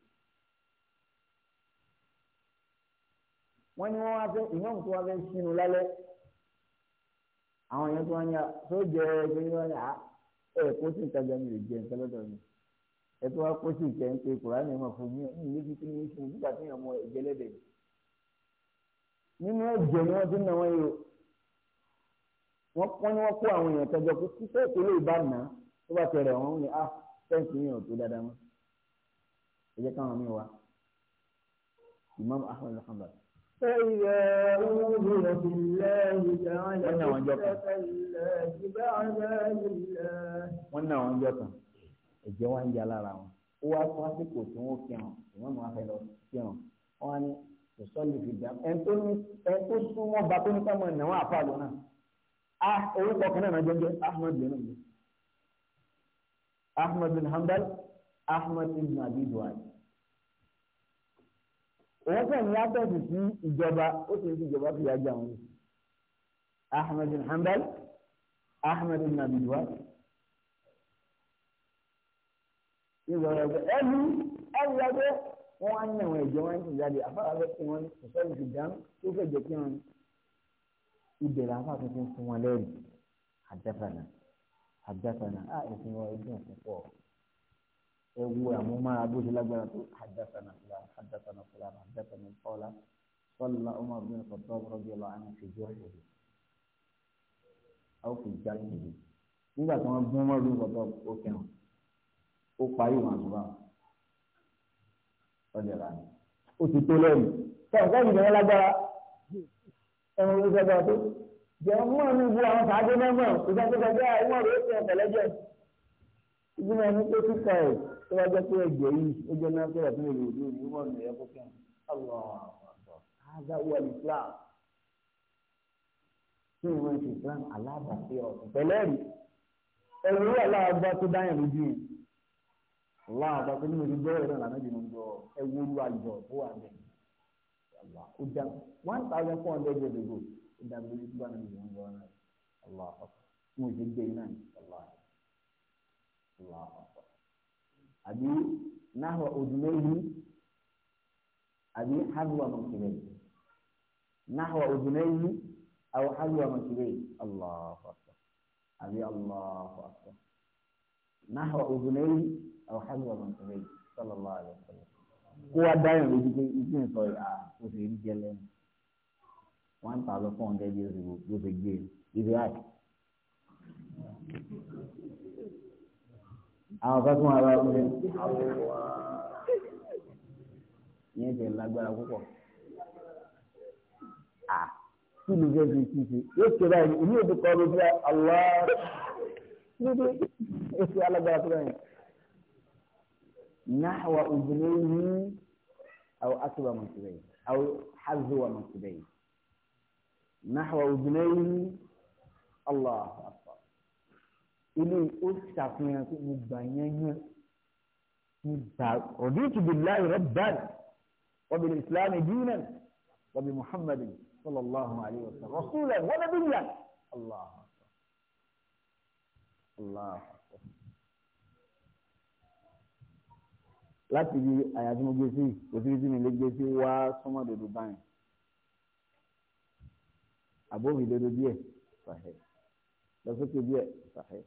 wọ́n ní wọ́n wá fẹ́ ìmọ̀ tó wá fẹ́ sínú lálẹ́ àwọn èèyàn tó wá ní tó jẹ ẹgbẹ́ ní wọ́n ní ah, ẹ kó sì ń tajà mi lè jẹ nǹkan lọ́dọ̀ mi ẹ tó wá kó sì jẹ ń pe kùránì ọmọ fún mi ní ibi tí mo sùn nígbà tí ìyàmọ ẹ̀jẹ̀ lẹ́dẹ̀ nínú ẹ̀jẹ̀ ni wọ́n ti nà wọ́n yìí wọ́n pọ́n ní wọ́n kó àwọn èèyàn tọjọ́ pé títẹ́ ìpínlẹ̀ ìbànú tó bá tẹ̀rẹ̀ wọn ní a ah, fẹ́ǹsì yẹn ò tó dáadáa mọ́ ẹ jẹ́ káwọn mi wá Imam Ahmad alhamdulilayi. فإذا أوذي بالله جعل فتنة الله بعذاب الله wọ́n náà wọ́n jọ kan ẹ̀jẹ̀ wọn ń jalá ara wọn ó wá fún àsìkò tí wọ́n fi hàn ìwọ́n máa fẹ́ lọ fi hàn wọ́n á ní kò sọ́ọ̀lì fi dá ẹ̀ tó ní ẹ̀ tó tó ní ká ẹ̀ náà àfa lọ náà ah, orúkọ kan náà jẹ́ Ahmad bin Ahmad bin Hanbal òun kàn ní atẹ́sì sí ìjọba ó sì ń fi ìjọba fi yájà wọn. Ahmed bin Hanbal Ahmed bin abidua ìwọ̀rọ̀ ọ̀gbẹ́ ẹnu ẹnu ẹgbẹ́ wọn wá ní àwọn ẹ̀jẹ̀ wọn ti jáde afárá fún wọn kò sọ́yìn ti tó fẹ́ jẹ́ kí wọn ìbẹ̀rẹ̀ afá tuntun fún wọn lẹ́rìí àdáfànà àdáfànà á ah, ẹ̀sìn wọn ẹgbẹ́ pọ̀ ẹ wo àwọn ọmọ abóṣe lágbára tó hadathana fulan hadathana fulan hadathana qala salla Umar bin Khattab radiyallahu anhu fi jahrihi aw fi jahrihi nígbà tí wọ́n gún Umar bin Khattab ó kẹrùn ó parí wọn àtúbà ọdẹ rà ní ó ti tó lẹ́yìn sọ̀rọ̀ sẹ́yìn ìjọba lágbára ẹ̀rọ ló sọ́dọ̀ tó jẹ́ Umar ní ìbú àwọn sàájú mẹ́gbọ̀n ìgbàgbọ́gbẹ́ àwọn ọ̀rẹ́ ó ti ọ̀tẹ̀lẹ́jẹ̀ ìgbìmọ̀ ẹni pé kíkà ẹ̀ tó bá jẹ́ pé ẹ̀jẹ̀ yìí ó jẹ́ náà pé ẹ̀tún èrò òdò ní wọ́n ní ẹ̀kọ́ kí tí ìwọ̀n ti Islam alábàáfẹ́ ọ̀sìn pẹ̀lẹ́rì ẹ̀rù wà láàbá tó dáyà lójú yìí láàbá tó nínú ìdíjọ́ ẹ̀rọ ìlànà ìdìbò jọ ẹ̀wù olú àjọ tó wà bẹ̀ ó já one thousand àbí nahwa òdùmẹ́yì àbí hàlùwà mọ̀kìlẹ̀ náà òdùmẹ́yì àwọn hàlùwà mọ̀kìlẹ̀ Allahu akbar àbí Allahu akbar sallallahu alaihi wasallam kó àwọn kan tún ara ọkùnrin yẹn ti lágbára púpọ̀ à kí ni bẹ́ẹ̀ fi ti ṣe yóò ṣe báyìí èmi ò ti kọ́ ọ́ bí ọlọ́ níbi èsì alágbára tó báyìí náhwa òbìnrin àwọn akíba mọ̀tìbẹ̀ àwọn hazuwa mọ̀tìbẹ̀ náhwa òbìnrin allah eléyìí ó ṣàfihàn pé mo gbà yẹn yẹn mo gbà raditu billahi rabban wa bil islam dinan wa bi muhammadin sallallahu alayhi wa sallam rasulan wa nabiyyan allah allah láti di àyàtí mo gbé sí òsì tí mi lè gbé sí wá sọmọ dòdò báyìí àbóhùn ìdodo díẹ̀ fàhẹ lọ sókè díẹ̀ fàhẹ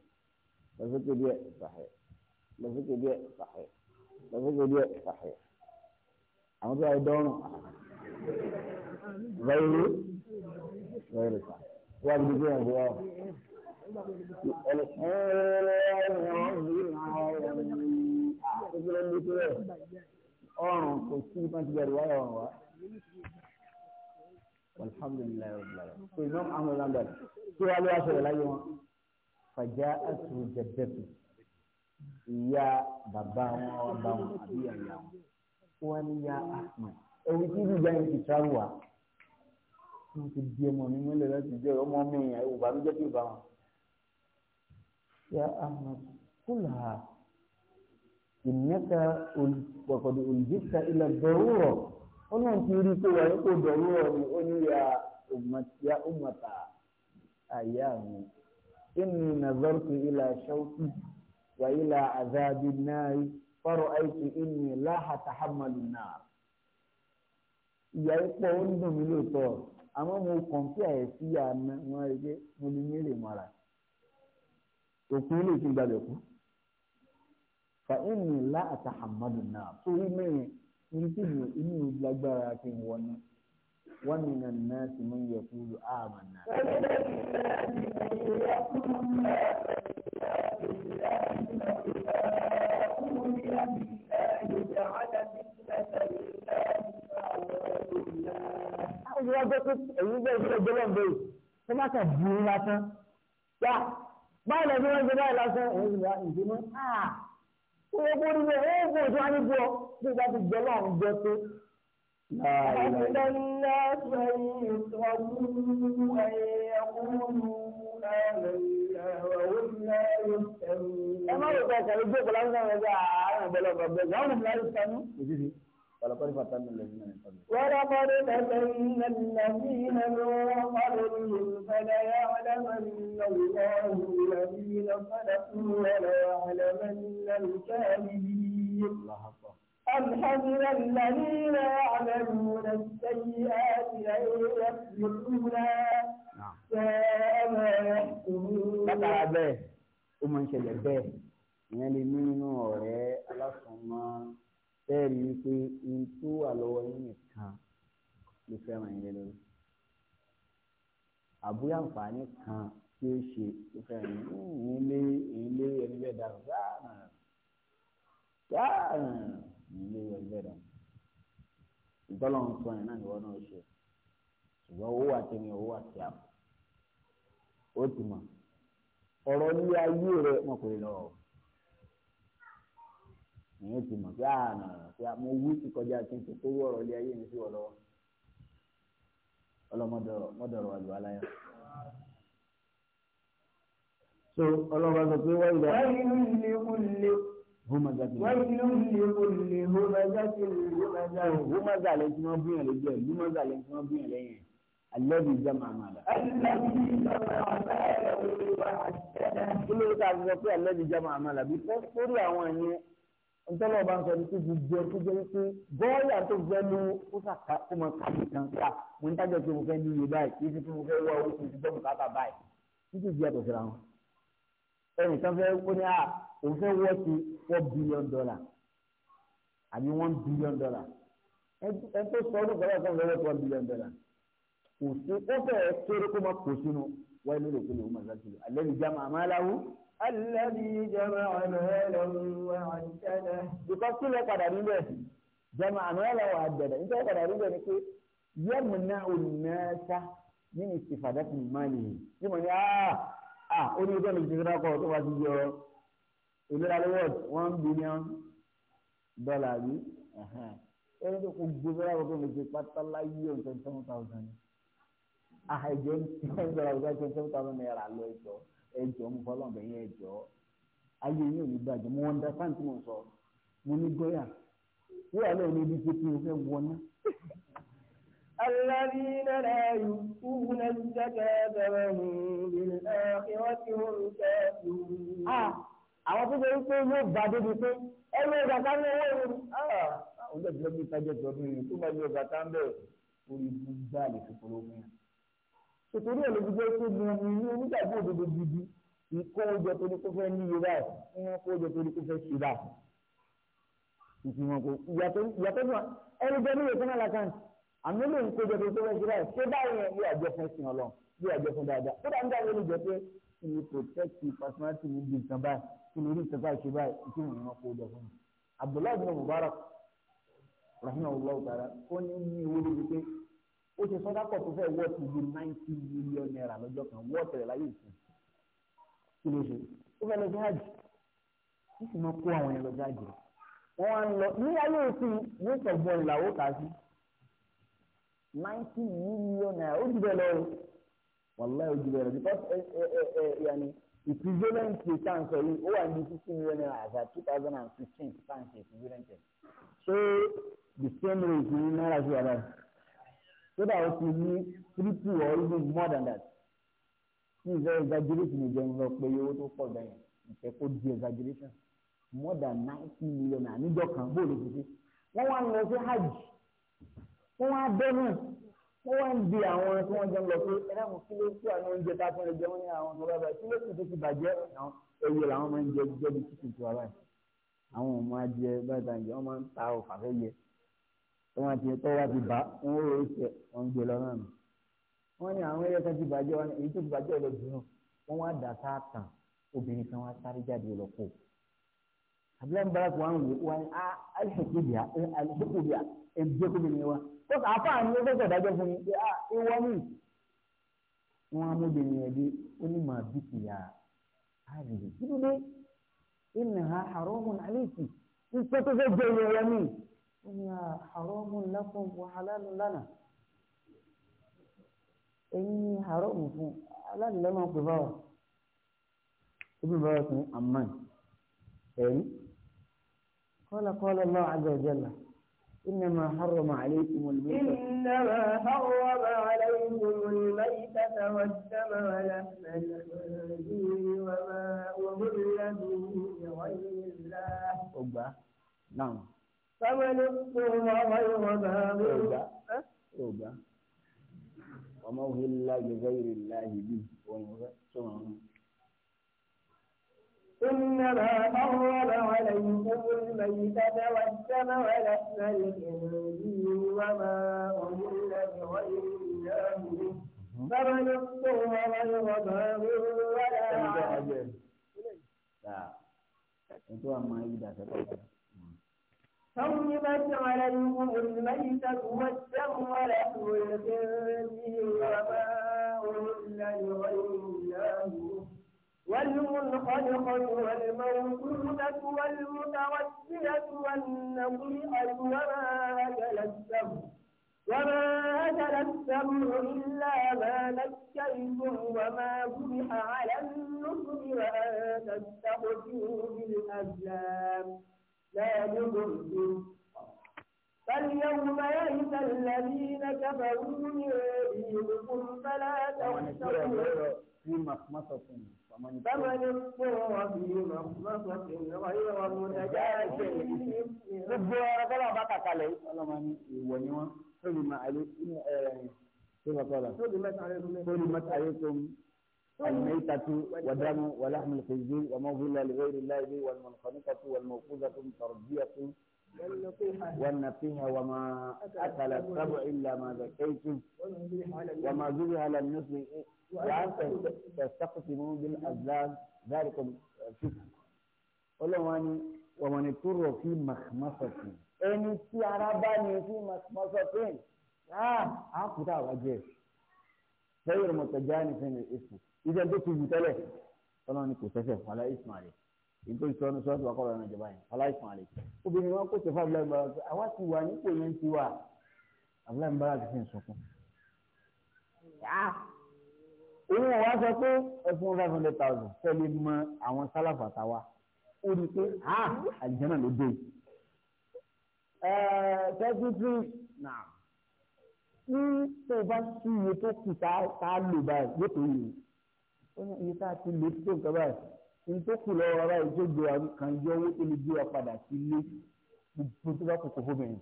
lọ sókè díẹ̀ sàhẹ̀ lọ sókè díẹ̀ sàhẹ̀ lọ sókè díẹ̀ sàhẹ̀ àwọn tó yà dọ́rùn báyìí báyìí sàhẹ̀ wọ́n á di bí wọ́n ti wá. Ọrùn kò sí ipa ti gbẹ̀rù wáyà ọ̀rùn Alhamdulilayi fàjà àtúrò jẹ̀dẹ̀tù ìyá bàbá wọn bá wọn àbí ẹ̀yà wọn wọn ni ya ahmed ewu tí ìlú yẹn ti tra wà wọn ti di ọmọ mi mọ́lẹ̀ láti jẹ́ ọmọ mi ẹ̀wù bàbá mi jẹ́ kí n bá wọn. ya ahmed kúlà ìnẹ́ka pọ̀kọ̀dọ̀ olùdíkà ilẹ̀ dọ̀rúrọ̀ ó náà ti rí i pé wà ní kò ni ó ní ya ọmọ ta àyà mi. إني نظرت إلى شوقي وإلى عذاب النار فرأيت إني لا أتحمل النار ìyá ipò ó ń dùn mí lóòótọ́ àmọ́ mo kọ̀ǹpìà ẹ̀ sí àná wọn rí pé mo lè ní èrè mọ́ra òkú ilé ìtì gbàgbẹ́ kú fa ìnì lá àtàhàmọ́dù náà torí mẹ́rin ní tí mi ò ní lágbára kí n wọnú ومن الناس من يقول آمنا Àwọn ọjọ́ tó èyí jẹ́ iṣẹ́ gbọ́dọ̀ bẹ́ẹ̀ tó má kàn bú lásán. Yá báyìí lọ sí wọ́n ṣe báyìí lásán èyí ìgbà ìdùnnú. Ó yẹ kó rí bẹ́ẹ̀ ó kò tó wá ní bọ́ bí ìgbà ti gbọ́ lọ́run jẹ́ pé أحسب الناس أن يتركوا أن يقولوا ولقد فتنا الذين من قبلهم ولقد فتنا الذين من قبلهم فليعلمن الله الذين صدقوا وليعلمن الكاذبين الحمد حسب الذين يعملون السيئات أن يسبقونا ساء ما يحكمون látara bẹ́ẹ̀ ó máa ń ṣẹlẹ̀ bẹ́ẹ̀ ìyẹn lè ní inú ọ̀rẹ́ alásùnmọ́ bẹ́ẹ̀ ni pé n tó wà lọ́wọ́ yín nìkan ló fẹ́ràn yín lórí àbúrò àǹfààní kan tí ó ṣe ló fẹ́ràn yín ìyín lé ìyín lé ẹni bẹ́ẹ̀ dàrú sáà náà nílé ẹgbẹ́ rẹ ìtọ́lọ̀ ń sọ yẹn náà ni wọ́n náà ṣe ṣùgbọ́n owó àti ní owó àti àpò ó ti mọ̀ ọ̀rọ̀ ní ayé rẹ wọn kò lọ ìyẹn ti mọ̀ pé ah, àná pé mo wí sí kọjá kí n tó tó wọ̀rọ̀ ilé ayé mi sí wọ lọ́wọ́ ọlọ́mọdọ̀rọ̀ wà lù aláyà so ọlọ́mọdọ̀ pé wọ́n ìlà. wáyé ní ilé kúnlẹ̀. Hómazà ti wọ́n ti ń lè olè hómazà ti lè hómazà o. Hómazà lẹ́yìn tí wọ́n búyàn lẹ́jọ́ ẹ̀ lúmọ́zà lẹ́yìn tí wọ́n búyàn lẹ́yìn ẹ̀. Alẹ́bí jẹ́ màmá rẹ̀. Kí ló ká sọ pé alẹ́bí jẹ́ màmá rẹ̀? Bí lórí àwọn yẹn, ntọ́lọ́ bá ń sọ ní kíkú jẹ kó jẹ́ wípé bọ́ọ̀yà tó fẹ́ ló kó sàkà kó mọ kàmí kan ká mo ń tájọ́ pé mo fẹ́ ní iye báyìí kí n ti fún mo fẹ́ wá owó kí n ti gbọ́ bùkátà báyìí. Títí ìdí ẹ̀kọ́ síra wọn. Ẹnìkan fẹ́ kó ní à ah, òun fẹ́ wọ́ sí four billion dollar àbí one billion dollar ẹ tó sọ ọdún kan láti lọ́wọ́ sí one billion dollar kò sí ó fẹ́ẹ́ kéré kó máa kó sínú wáyé lórí òkú lòun máa sáré alẹ́ ní jama àmàláwù. alẹ́bí jama àmàláwù àjẹ́dẹ́. ìkọ́ sílẹ̀ padà níbẹ̀ jama àmàláwù àjẹ́dẹ́ nítorí padà níbẹ̀ ni pé yẹ́mu náà ò náà sá nínú ìsìfàdà fún ìmáàlì yìí. ní mo ní a a ó ní ọjọ́ mi ti rẹ́kọ̀ọ́ tó bá ti yọ ọ́ olùdarí world one billion dollar yìí ẹni tó kó gbogbo ẹ̀rọ àwọn ọmọ ìṣe pátálá yíyọ twenty seven thousand àìjẹ́ ten dollar ọ̀gá twenty seven thousand naira lọ ẹjọ́ ẹjọ́ ń fọlọ́ bẹ̀yẹ ẹjọ́ ayé yìí ò ní bàjẹ́ mo wọ́n dá sáǹtì mo sọ mo ní gọ́yà wíwà lẹ́yìn ibi tí kí n fẹ́ wọná. الذين لا يؤتون الزكاة وهم بالآخرة هم كافرون àwọn tó ṣe wípé yóò bá débi pé ẹ ló ń gbàgbá ní owó ìlú ah, àwọn ọjọ́ ìjọba ìta jẹ́ ìjọba ìlú tó bá yọ bàtà ń bẹ̀ orí ibi gbá lè fi polówó fún yàn. nítorí ẹ̀ ló fi jẹ́ pé mo ní ní onígbàgbọ́ òdodo gidi ìkọ́ oúnjẹ tó ní kó fẹ́ ní yorùbá ẹ̀ fún wọn kó oúnjẹ tó ní kó fẹ́ ṣe báà. ìfìmọ̀ kò ìyàtọ̀ fún wa ẹni jẹ́ ní ìyẹ̀fẹ́ náà lákàn àmì ló ń kó oúnjẹ tó ní kó fẹ́ ṣe báà ṣé báyìí yẹn yóò àjọ fún ẹ̀sìn ọlọ́run yóò àjọ fún dáadáa kódà ń dá kí ni irú ìtẹ́fà ṣe báyìí kí ni wọ́n kó lọ fún mi. abdullahi bin mubarak rahimahullah ta'ala ó ní ní owó níbi pé ó ṣe sọ́dápọ̀ tó fẹ́ wọ́ọ̀tì bíi ninety million naira lọ́jọ́ kan wọ́ọ̀tì rẹ̀ láyé ìsìn kí ló ṣe ó fẹ́ lọ sí hajj ó sì máa kó àwọn yẹn lọ sí hajj rẹ̀ wọ́n wá ń lọ ní ayé ìsìn wọ́n sọ bọ́ ìlàwó kà sí ninety million naira ó jù bẹ́ẹ̀ lọ wàlláhì ó jù bẹ́ẹ̀ lọ because ẹ ẹ ẹ ẹ yanni equivalent pay tá à ń sọ yìí ó wà ní fifteen million naira as at two thousand and fifteen tá à equivalent ẹ̀ ṣé the same rate ní náírà ṣe wà So that ó ti ní three two or even more than that ní ìfẹ́ exaggeration ìjẹun lọ pé owó tó pọ̀ bẹ́yẹn ìfẹ́ kó di exaggeration more than ninety million naira níjọ kan bóòlù títí wọ́n wá lọ sí hajj wọ́n wá bẹ́ẹ̀ náà wọ́n wá ń bi àwọn tí wọ́n jọ ń lọ pé ẹ̀rọ àwọn kí ló kú àwọn oúnjẹ tá a fún ẹjẹ wọn ní àwọn ọmọ bàbá kí ló kù tó ti bàjẹ́ ẹyẹ làwọn máa ń jẹ jẹ́ bí chicken tó ara yìí àwọn ọmọ ajẹ báyìí tá à ń jẹ wọ́n máa ń ta ọ̀fà fẹ́ yẹ tó wọ́n ti tọ́ wá ti bá wọn ó rò ó tẹ wọn gbé lọ náà nù. wọ́n ní àwọn ẹyẹ kan ti bàjẹ́ wọn èyí tó ti bàjẹ́ lọ dùn wọ́n wá tó àpá àmì ó gbọ́dọ̀ dájọ́ fún mi pé ah ìwọ mi wọn amóbìnrin yẹn dé ó ní màá bí kìyà àrègbè kí ló dé ìnà ha haramun alayki nípa tó fẹ́ jẹ ìyẹ̀wò mi ó ní haramun lakum wa halalun lana ẹ̀yin ní haramun fún alálùlẹ́ máa pè báwọ̀ ibi báwọ̀ sí amman ẹ̀rí qala qala Allah azza wa jalla. إنما حرم عليكم الميتة إنما حرم عليكم الميتة والدم ولحم الخنزير وما أهل به لغير الله أبا نعم فمن اضطر غير باغ أبا وما أهل لغير الله به إنما حرم عليكم الميتة والدم ولحم الخنزير وما أهل بغير الله فمن اضطر غير باغ ولا عاد. حرمت عليكم الميتة والدم ولحم الخنزير وما أهل لغير الله والمنخنقة والموجودة والمتوسلة والنطيئة وما أكل السبع وما أكل السبع إلا ما ذكيتم وما ذبح على النصب وأن تستقسموا بالأزلام ذلكم فسق فاليوم يئس الذين كفروا من دينكم فلا تخشوهم في مخمصة فمن اضطر في مخمصة غير متجارة gbogbo ọ̀rọ̀ tọ́lá bá kà kalẹ̀ yìí. ọlọ́mọ ni ìwọ ni wọ́n tóbi máa alé inú ẹ̀ ṣéwà tọ́lá. tóbi mẹ́ta ayé tó tóbi mẹ́ta ayé tó الميتة ودم ولحم الخنزير وما أهل لغير الله به والمنخنقة والموقوذة تربية والنفيها وما أكل السبع إلا ما ذكيتم وما ذبح على النصف وأن تستقسموا بالأزلام ذلكم فيكم ọlọ́wọ́ni wọ̀mọ̀nì tó rọ̀ fi màkàmásọ̀tì. ẹni tí ara bá ní fi màkàmásọ̀tì á ah, kúta àwájú ẹ̀. lẹ́yìn ìrọ̀mọ̀tẹ̀já ni fẹ́mi èsì ìjẹun tó ti wù tẹ́lẹ̀ ọlọ́ni kò sẹ́sẹ̀ fọlá ismaili ìgbó ìtọ́nu sọ́ọ̀tù wàkọ́ ọ̀rọ̀ ìjọba yẹn fọlá ismaili. obìnrin wọn kò sèfà abúlé mbara pé àwa ti wà nípò òun wà sọ pé ẹfún five hundred thousand fẹ́lẹ́ mọ àwọn sálàfà táwa ó rí pé a àlìjánà ló dé thirty three náà ní tó o bá sí iye tó kù tá a lò báyìí yóò tó yẹ ó ní iye tá a ti lò tó nǹkan báyìí ní tó kù lọ́wọ́ ara yìí tó gbé wa kan yọ owó tó lè gbé wa padà sí ilé gbogbo tó bá kókó fóbìnrin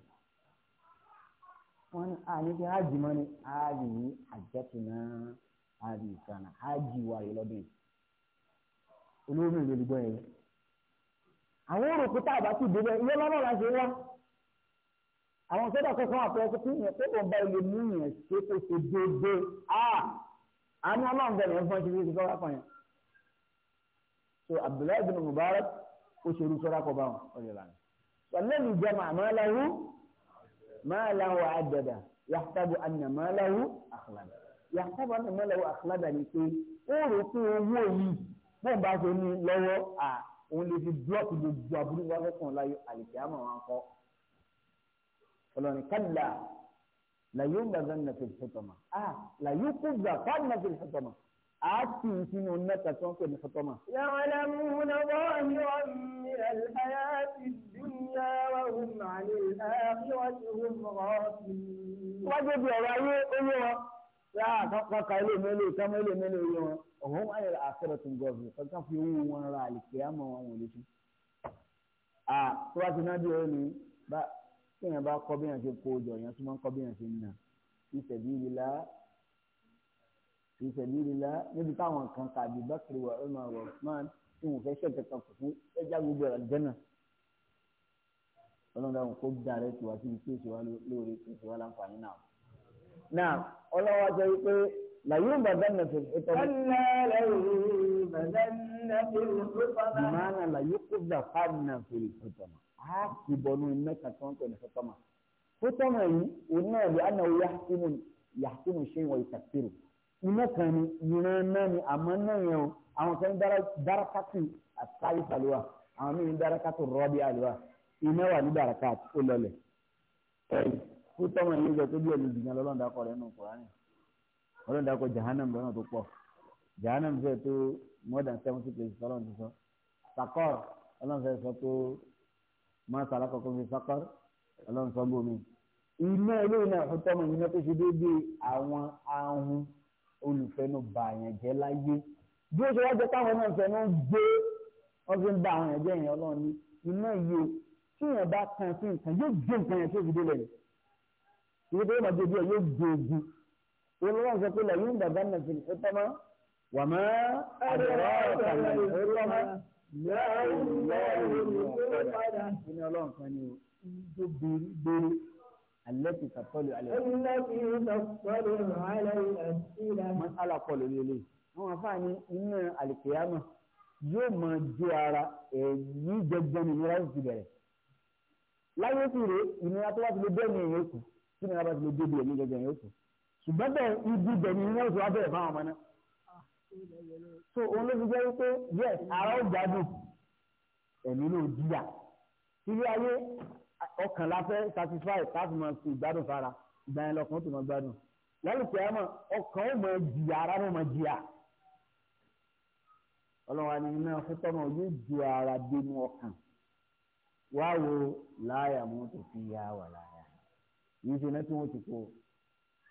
wọn ní àníkí ájì mọ́ ni ájì ní àjẹtù náà àrí ìkànnà ájì wà rè lọ́dún yìí olórí ìlú olùgbọ́ yẹn àwọn òròkú tá a bá ti débẹ̀ ilé lọ́nà la ṣe wá àwọn sọ́dọ̀ kọ́kọ́ àpẹẹrẹ fún yẹn tó kàn bá ilé mú yẹn ṣe kó ṣe déédéé àánú ọlọ́run bẹ̀rẹ̀ ẹ̀ fún ẹ ti fi kọ́ wákàn yẹn so Abdullahi bin Mubarak ó ṣe irú sọ́dọ̀ kọ́ bá wọn ọ̀rẹ́ lánàá wàlẹ́bí jẹ́ màmá máa láwù àdàdà yàtàbù ànàmá láwù àkàlàdà yàtọ̀bà náà mọ́lẹ̀wọ́ àkàlàdà ni pé ó rò pé owó yìí bóun bá ṣe ní lọ́wọ́ à òun lè fi búlọ́ọ̀kì gbogbo àbúrò wá fẹ́kàn láyọ̀ àlèkè àmọ́ wọn kọ́ ọlọ́ni kálá làyò gbàgbà nàfẹ̀ fẹ́tọ̀mà à làyò kó gbàgbà nàfẹ̀ fẹ́tọ̀mà à sì ń sinú mẹ́ta tó ń pè ní fẹ́tọ̀mà. يعلمون ظاهرا من الحياة الدنيا وهم yá wọn ka ilé mélòó ìka mélòó mélòó yẹ wọn ọ̀hún ayé àfẹ́rẹ́ tó ń gọ̀ fún ọ̀ká fi owó wọn ra àlìkè àmọ́ wọn wò létí. à tó bá ti ná bí ẹni bá kéèyàn bá kọ́ bí yàn ṣe kó jọ yẹn tó máa ń kọ́ bí yàn ṣe ń nà ìṣẹ̀bílilá ìṣẹ̀bílilá níbi táwọn kan tàbí bákìrì wà Umar wà Usman tí wọn fẹ́ ṣẹ̀kẹ̀ kan fún ẹja gbogbo àlùjànnà ọlọ́run kó dàrẹ́ tiwa tí èsì wa lóore tí èsì wa láǹfààní náà. náà ọlọ́wọ́ jẹ́ wípé làyé bàdánà fi ìtọ́ mi. ẹnlẹ́ lẹ́yìn bàdánà fi ìfúnpá náà. màánà làyé kó bàdánà fi ìfúnpá náà. a kì bọ̀nù iná kankan tó ní fúnpá náà. fúnpá náà yìí òun náà bí àná wọ́n yàtúmù yàtúmù ṣe wọ̀ ìtàkìrù. iná kan ni ìran náà ni àmọ́ náà yẹn o àwọn kan dára kátì àtàlì sàlùwà àwọn mí dára kátì rọ́bì àlùwà iná wà ní dára kátì ó lọlẹ̀ ó tọ́mọ̀ ní ìjọ tó bí ẹ̀lú ìdìyàn lọ́lọ́dàkọ̀ rẹ̀ nù kùránì ọlọ́dàkọ̀ jahannam lọ́nà tó pọ̀ jahannam fẹ́ tó more than seventy places ọlọ́run ti sọ sakọ́r ọlọ́run fẹ́ sọ tó máa sàrà kọ̀ọ̀kan fi sakọ́r ọlọ́run sọ bómi iná eléyìí náà ó tọ́mọ̀ iná tó ṣe déédéé àwọn ahun olùfẹ́nu bàyàn jẹ́ láyé bí ó ṣe wá jẹ́ káwọn náà fẹ́ náà gbé wọ́n fi ń bá àwọn ẹ̀jẹ̀ yẹn ọlọ́run ní iná yìí tí èèyàn bá kan sí nǹkan yóò gbé nǹkan yẹn tó fi délẹ̀ yìí ìwé tó yẹ máa dojú ẹ yóò dojú olùwà sọ pé lẹ́yìn bàbá náà fi ó tọ́mọ́ wà má àdúrà ọ̀tàlẹ̀ ó tọ́mọ́ ní ọlọ́run kan ni o tó bèrè bèrè alẹ́ ti sàpọ̀lù alẹ́. ẹnlẹ́ ti sàpọ̀lù alẹ́ ìlà. mọ́sálà pọ̀lù lélẹ̀ àwọn afáàní inú àlìkèyàmọ̀ yóò máa jó ara ẹ̀yìn jẹjẹrẹ ìnira ti bẹ̀rẹ̀ láyé sì rèé ìnira tó wá ti lè bẹ́ẹ̀ ni èèyàn tí nìyá bá ti lè débi ẹ̀mí gẹ́gẹ́ yẹn ó sùn ṣùgbọ́n bẹ́ẹ̀ ibi bẹ̀rẹ̀ ni wọ́n ti wá bẹ̀rẹ̀ fáwọn ọmọ náà so òun ló fi jẹ́ wípé yes ara ó gbádùn ẹ̀mí ló jìyà sílé ayé ọkàn la fẹ́ satisfy láti máa fi ìgbádùn fara ìgbà yẹn lọkàn ó ti máa gbádùn lálùkù ẹ̀ mọ̀ ọkàn ó máa jìyà ara ó máa jìyà ọlọ́wà ni iná fútọ́nà yóò ju ara dénú ọkàn wá wo láyà mú tó fi yá wà láyà. يجنته تكو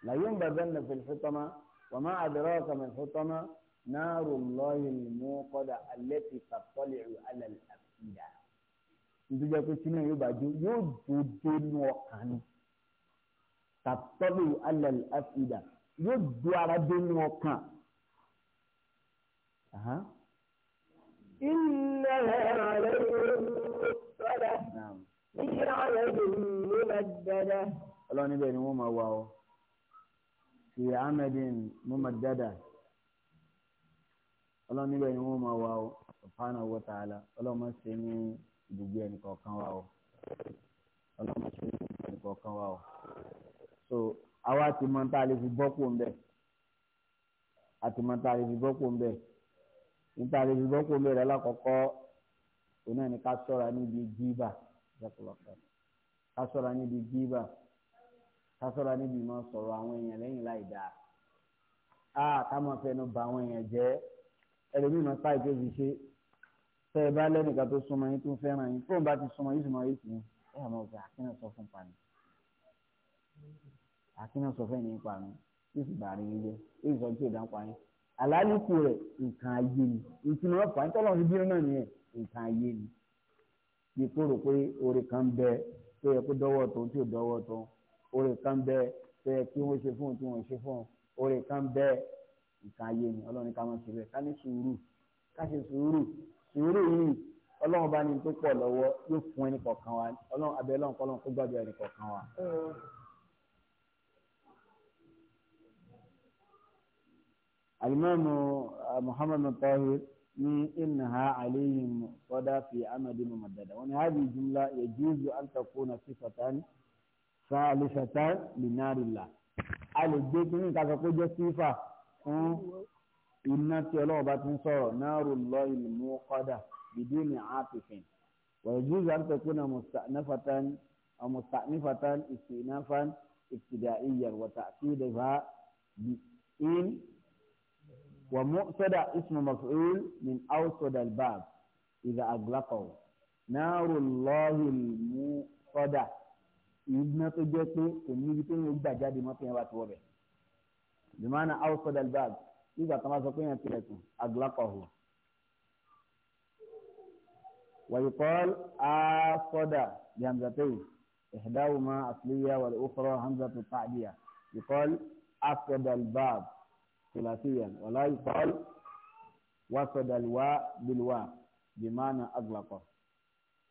لا ينبذن في الحطمة وما أدراك من الحطمة نار الله الموقدة التي تطلع على الأفئدة انتو جاكو سنة يبعجو يجدن وقان تطلع على الأفئدة يجدو على دن وقان أها إلا عليهم الصلاة نعم هي على ذي المبدلة ọlọ́run níbẹ̀ ni wọ́n máa wà ọ́ sí ahmedin mumadada ọlọ́run níbẹ̀ ni wọ́n máa wà ọ́ subhanahu wa ta'ala ọlọ́run máa ṣe ní ibùgbé ẹnìkọ̀ọ̀kan wà ọ́ ọlọ́run ṣe ní ibùgbé ẹnìkọ̀ọ̀kan wà ọ́ so àwa ti mọ tá a lè fi bọ́pò ń bẹ̀ àti mọ tá a lè fi bọ́pò ń bẹ̀ níta lè fi bọ́pò ń bẹ̀ rẹ̀ òun náà ni ká ṣọ́ra níbi gíbà ká ṣọ́ra níbi gíbà sásọ́ra níbi mọ́ sọ̀rọ̀ àwọn èèyàn lẹ́yìn láì dáa a ká mọ̀ fẹnu ba àwọn èèyàn jẹ́ ẹlòmíì mọ́ sáì tó fi ṣe tẹ́ ẹ bá lẹ́nìkan tó súnmọ́ yín tó fẹ́ràn yín fóun bá ti súnmọ́ yín súnmọ́ yín sí yín ẹ àmọ́ ọ̀gá akínà sọ fún pani akínà sọ fún ẹ̀yìn pani yóò sì bàárẹ̀ yín jẹ́ yóò sọ tí ò dá pani àlálùkù rẹ̀ nǹkan ayé ni ìtumọ̀ ọ̀pá ńtọ́lọ́ fi bínú náà nìyẹn nǹkan ayé ni bí kó rò pé oore kan bẹ tó yẹ kó dọ́wọ́ tó tí ò dọ́wọ́ tó oore kan bẹ tó yẹ kí wọ́n ṣe fún un tí wọ́n ṣe fún un oore kan bẹ nǹkan ayé ni ọlọ́run ní ká máa ṣe bẹ́ẹ̀ ká ní sùúrù ká ṣe sùúrù sùúrù yìí ọlọ́run bá ní tó pọ̀ lọ́wọ́ yóò fún ẹnì kọ̀ọ̀kan wa ọlọ́run abẹ́ ọlọ́run kọ́ ọlọ́run wa. alimami uh, muhammadu ni sọdá fi amadi muhammadu wọn ni hadi jumla yajuzu an si fatani. sàlùsàtà lìnàrìlà a lè gbé kí nǹkan sọ pé jẹ́ sífà fún iná tí ọlọ́run bá ti ń sọ̀rọ̀ náírà lọ ìlú kọ́dà bìdí ní àtìfín wọ̀nyí ìgbà tó kún àmùsànífàtàn ìsìnáfàn ìtìdáìyàn wọ̀tà sí ìdẹ̀fà in ومؤتدى اسم مفعول من أوسد الباب إذا أغلقه نار الله المؤتدى iná tó jẹ́ pé kò ní ibi tó ń gbà jáde mọ́ fìyàn bá ti wọ̀ bẹ̀. bimana outside albag nígbà tó máa sọ pé yẹn ti rẹ̀ kùn aglakọ̀hù. wàyíkọ́l asọ́dà bí hamzatayi ìhdáwùmá asliya wal ukhra hamzatu ta'diya yíkọ́l asọ́dà albag sulasiyan wàlá yíkọ́l wasọ́dà alwa bilwa bimana aglakọ̀.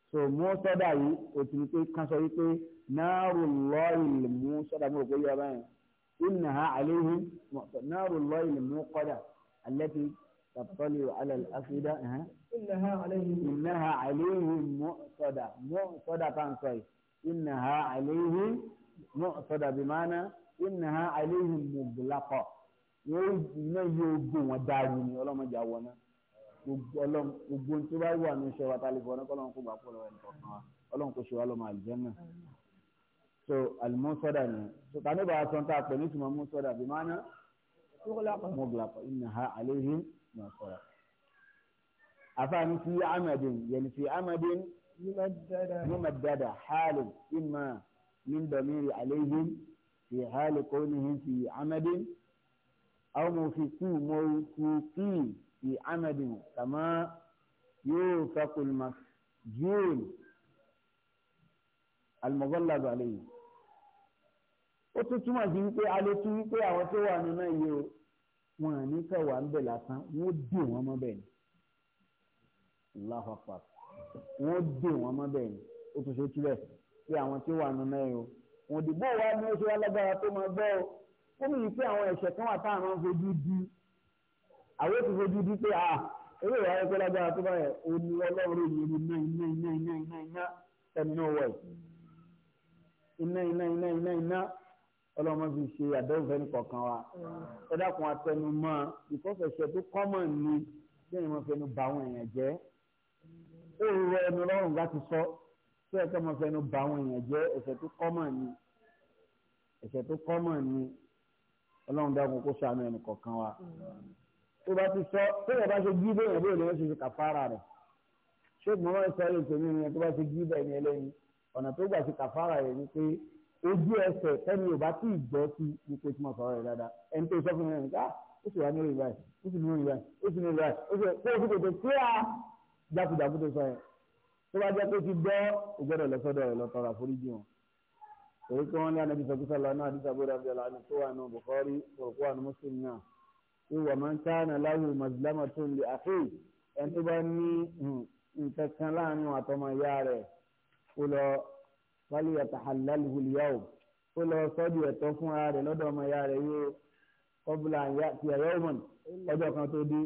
so mú sọ́dà yìí o ti ní pé kán sọ wípé náàrù lọ́ọ̀lì mú sọ́dà mú òkú yọba yẹn inna ha alayhim náàrù lọ́ọ̀lì mú kọ́dà alẹ́tì tàbí alal afida eh? inna ha alayhim mú sọ́dà mú sọ́dà pàǹsọ̀ yìí inna ha alayhim mú sọ́dà bí mánà inna ha alayhim mú bulakọ̀ yóò iná yóò gbó wọn dáàbò ni ọlọ́mọdé àwọn náà gbogbo tó bá wà ní wa tá a lè fọ ọ náà kọ́ ló ń kó gbà pọ̀ lọ́wọ́ kan wa ọlọ́run kò ṣe wá lọ́mọ àlùjẹ́ náà so alimusada ni so tani b'a so t'a pe ni tuma musada bi mana maana muglaqa innaha alayhim nasara afaani fi amadin yani fi amadin yumaddada yumaddada hal imma min damir alayhim fi hal kawnihim fi amadin aw mufiqu mawquqi fi amadin kama yufaqu almasjun المغلظ عليه ó tún túmọ̀ sí wípé a lè tún wípé àwọn tó wà nínú iye o wọn à ní kẹwàá ń bẹ̀ lásán wọn ó dè wọn mọ́ bẹ́ẹ̀ ni Allahu wọn ó dè wọn mọ́ bẹ́ẹ̀ ni ó tún ṣe túlẹ̀ pé àwọn tó wà nínú iye o wọn dìbò wa ni ó ṣe alágbára tó máa gbọ́ o ó mú yìí pé àwọn ẹ̀ṣẹ̀ kan wà tá fojú di àwọn ó ti fojú di pé a eré ìwà ẹgbẹ́ lágbára tó bá yẹ o ní ọlọ́run yìí ni iná iná iná iná iná iná iná ọlọ́mọ fi ṣe àbẹ̀wò fẹ́ni kọ̀ọ̀kan wa ẹ dákun atẹnumọ́ ìkọ́fẹ̀ṣẹ́ tó kọ́mọ̀ ni bẹ́ẹ̀ mọ fẹnu bà àwọn èèyàn jẹ́ ó rọ ẹnu lọ́rùn bá ti sọ tó ẹ kọ́ mọ fẹnu bà àwọn èèyàn jẹ́ ẹ̀ṣẹ̀ tó kọ́mọ̀ ni ẹ̀ṣẹ̀ tó kọ́mọ̀ ni ọlọ́run dákun kó ṣàánú ẹnì kọ̀ọ̀kan wa tó bá ti sọ tó yẹ bá ṣe jí bẹ́ẹ̀ bẹ́ẹ̀ lọ́wọ́ ṣe ṣe kàfárà rẹ̀ ṣé ìgbìmọ̀ ẹ̀ sọ ojú ẹsẹ̀ ẹni ò bá tí ì gbọ́ sí ní pé tí mo sọ̀rọ̀ rẹ̀ dáadáa ẹni tó sọ fún mi nìyẹn ah, ká ó sì wá ní orí báyìí ó sì ní orí báyìí ó sì ní orí báyìí ó sì kó òfin tètè kí á jákujàku tó sọ yẹn tó bá jẹ́ pé ti gbọ́ ìgbọ́dọ̀ lọ́sọ́dọ̀ rẹ̀ lọ́tọ́ ra foríjì wọn. èyí tí wọ́n ní anabi sọ kíkọ́ lọ náà àdìsá bóra bí ọ̀la ní kówà nù Bukhari kówà nù Muslim náà ìwà máa ń káànà láwù tó ń ní hmm, nǹkan wálé yatahallalhu al-yawm ó lọ sọ́dí ẹ̀tọ́ fún ara rẹ̀ lọ́dọ̀ ọmọ ìyá rẹ̀ yóò qabla an ya'tiya yawman ọjọ́ kan tó dé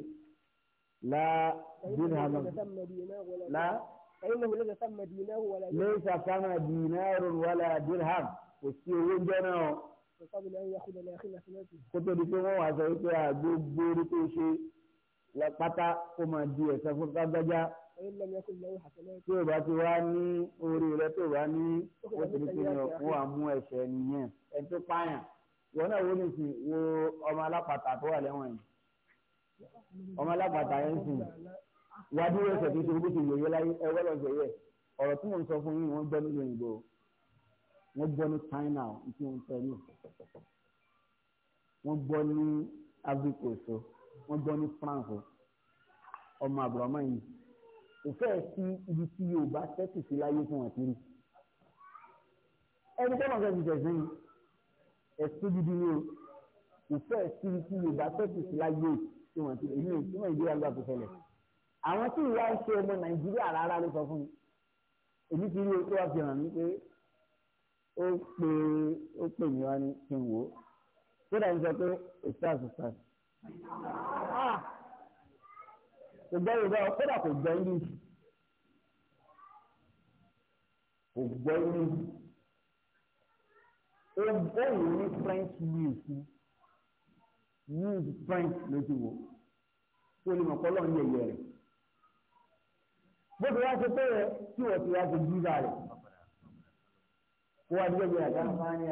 la dirham la laysa kama dinarun wala dirham kò sí owó jẹ́ náà kó tó di pé wọ́n wá sọ wípé àgbógbó orí tó ṣe pátá kó máa di ẹ̀sán fún kágbájá tí o bá ti wá ní orí rẹ tó bá ní wọ́n ti ní kí ni òkú àmú ẹ̀ṣẹ̀ nìyẹn ẹni tó pààyàn ìwọ náà wo ní sìn wo ọmọ alápàtà tó wà lẹ́wọ̀n yìí ọmọ alápàtà yẹn sìn wá dúró ẹsẹ̀ tó ṣe gbèsè yẹyẹ láyé ẹgbẹ́ lọ sẹ̀yẹ ọ̀rọ̀ tí mò ń sọ fún yín wọ́n gbọ́ nínú òyìnbó wọ́n gbọ́ ní China tí wọ́n fẹ́ lò wọ́n gbọ́ ní Africa so wọ́n gbọ́ ní France ọmọ àbúrò ọmọ yìí kò fẹ́ẹ̀ sí ibi tí Yorùbá tẹ́tù sí láyé fún wọn kiri ẹni tọ́nà fẹ́ẹ́ fi tẹ̀sí ni ẹ̀sùn gidi ni o kò fẹ́ẹ̀ sí ibi tí Yorùbá tẹ́tù sí láyé fún wọn kiri èmi ò tí Nàìjíríà gbà tó fẹlẹ̀ àwọn tí ìyá ń ṣe ọmọ Nàìjíríà rárá ló sọ fún mi èmi ti rí o tó wá fi hàn mí pé ó pè ó pè mí wá ní kí n wò ó kódà ń sọ pé ètò àṣùṣà kò gbọ́ yorùbá o kódà kò gbọ́ english kò gbọ́ english ó wù ní french news news french ló ti wò tó lè mọ̀ ní ẹ̀yẹ rẹ̀ bó wá ṣe pé rẹ̀ tí wọ́n ti wá ṣe jíra rẹ̀ kó wá díẹ̀ díẹ̀ dáhùn máa ní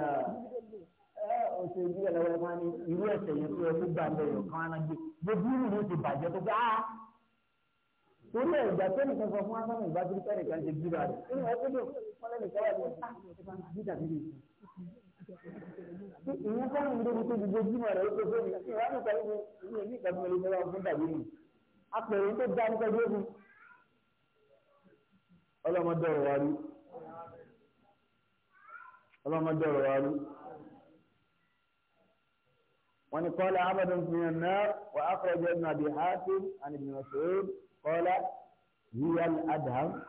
ọ̀sẹ̀ ìdílé lọ́wọ́ máa ní irú ẹ̀sẹ̀ yẹn tó yẹ kó gbà bẹ̀rẹ̀ kan á náà gbé gbogbo irú ló ti bàjẹ́ tó gbé áá. Ah, torí ẹ̀gbà tó nìkan sọ fún asánà ìbájú pẹ́ nìkan ṣe bíra rẹ̀ nínú ẹgbẹ́ tó wọlé nìkan wà ní ọ̀sán níta níbi ní ìdókòwò tó gbogbo jímọ̀ rẹ̀ ó tó fẹ́ mi ní fún dàbí mi apẹ̀rẹ̀ tó dá nípa ẹgbẹ́ mi ọlọ́mọdé ọ̀rọ̀ wa rí ọlọ́mọdé ọ̀rọ̀ wa rí wọ́n kọ́lá قال هي الأدهم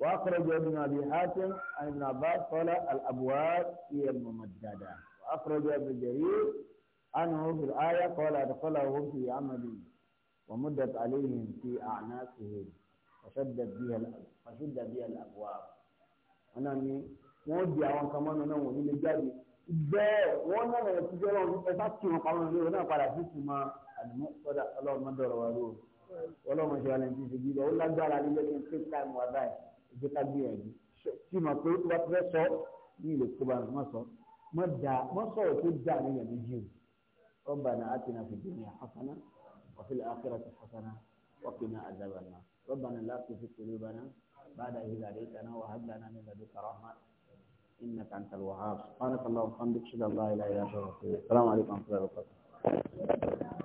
وأخرج ابن أبي حاتم عن ابن عباس قال الأبواب هي الممددة وأخرج ابن جرير عنه في الآية قال أدخلهم في عمل ومدت عليهم في أعناقهم فشدت بها فشدت بها الأبواب أنا wọ́n di àwọn kan mọ́nà وأنا wọ́n nílé jáde bẹ́ẹ̀ wọ́n náà lọ́wọ́ ti jẹ́ ọlọ́run ẹ bá kí wọn pa wọn lórí náà padà sí ìtumọ̀ àdìmọ́ sọ́dà ọlọ́run mọ́dọ̀rọ̀ wa lóru. ọlọ́run ṣe wà lẹ́yìn tí ń ṣe gbígbọ́ ó lágbára níjẹ́ kí n take time wà báyìí ìjẹ́ ká gbé ẹ̀jú tí mo pé wọ́n fẹ́ sọ ní ilé kóbá mọ́ sọ mọ́ da mọ́ sọ̀rọ̀ tó dà ní ẹ̀mí jù Rabbana atina fid dunya hasana wa fil akhirati hasana wa qina adhaban nar Rabbana la tuzigh qulubana ba'da idh hadaytana wa hab lana min ladunka rahmah إنك أنت الوهاب سبحانك اللهم وبحمدك أشهد أن لا إله إلا أنت السلام عليكم ورحمة الله وبركاته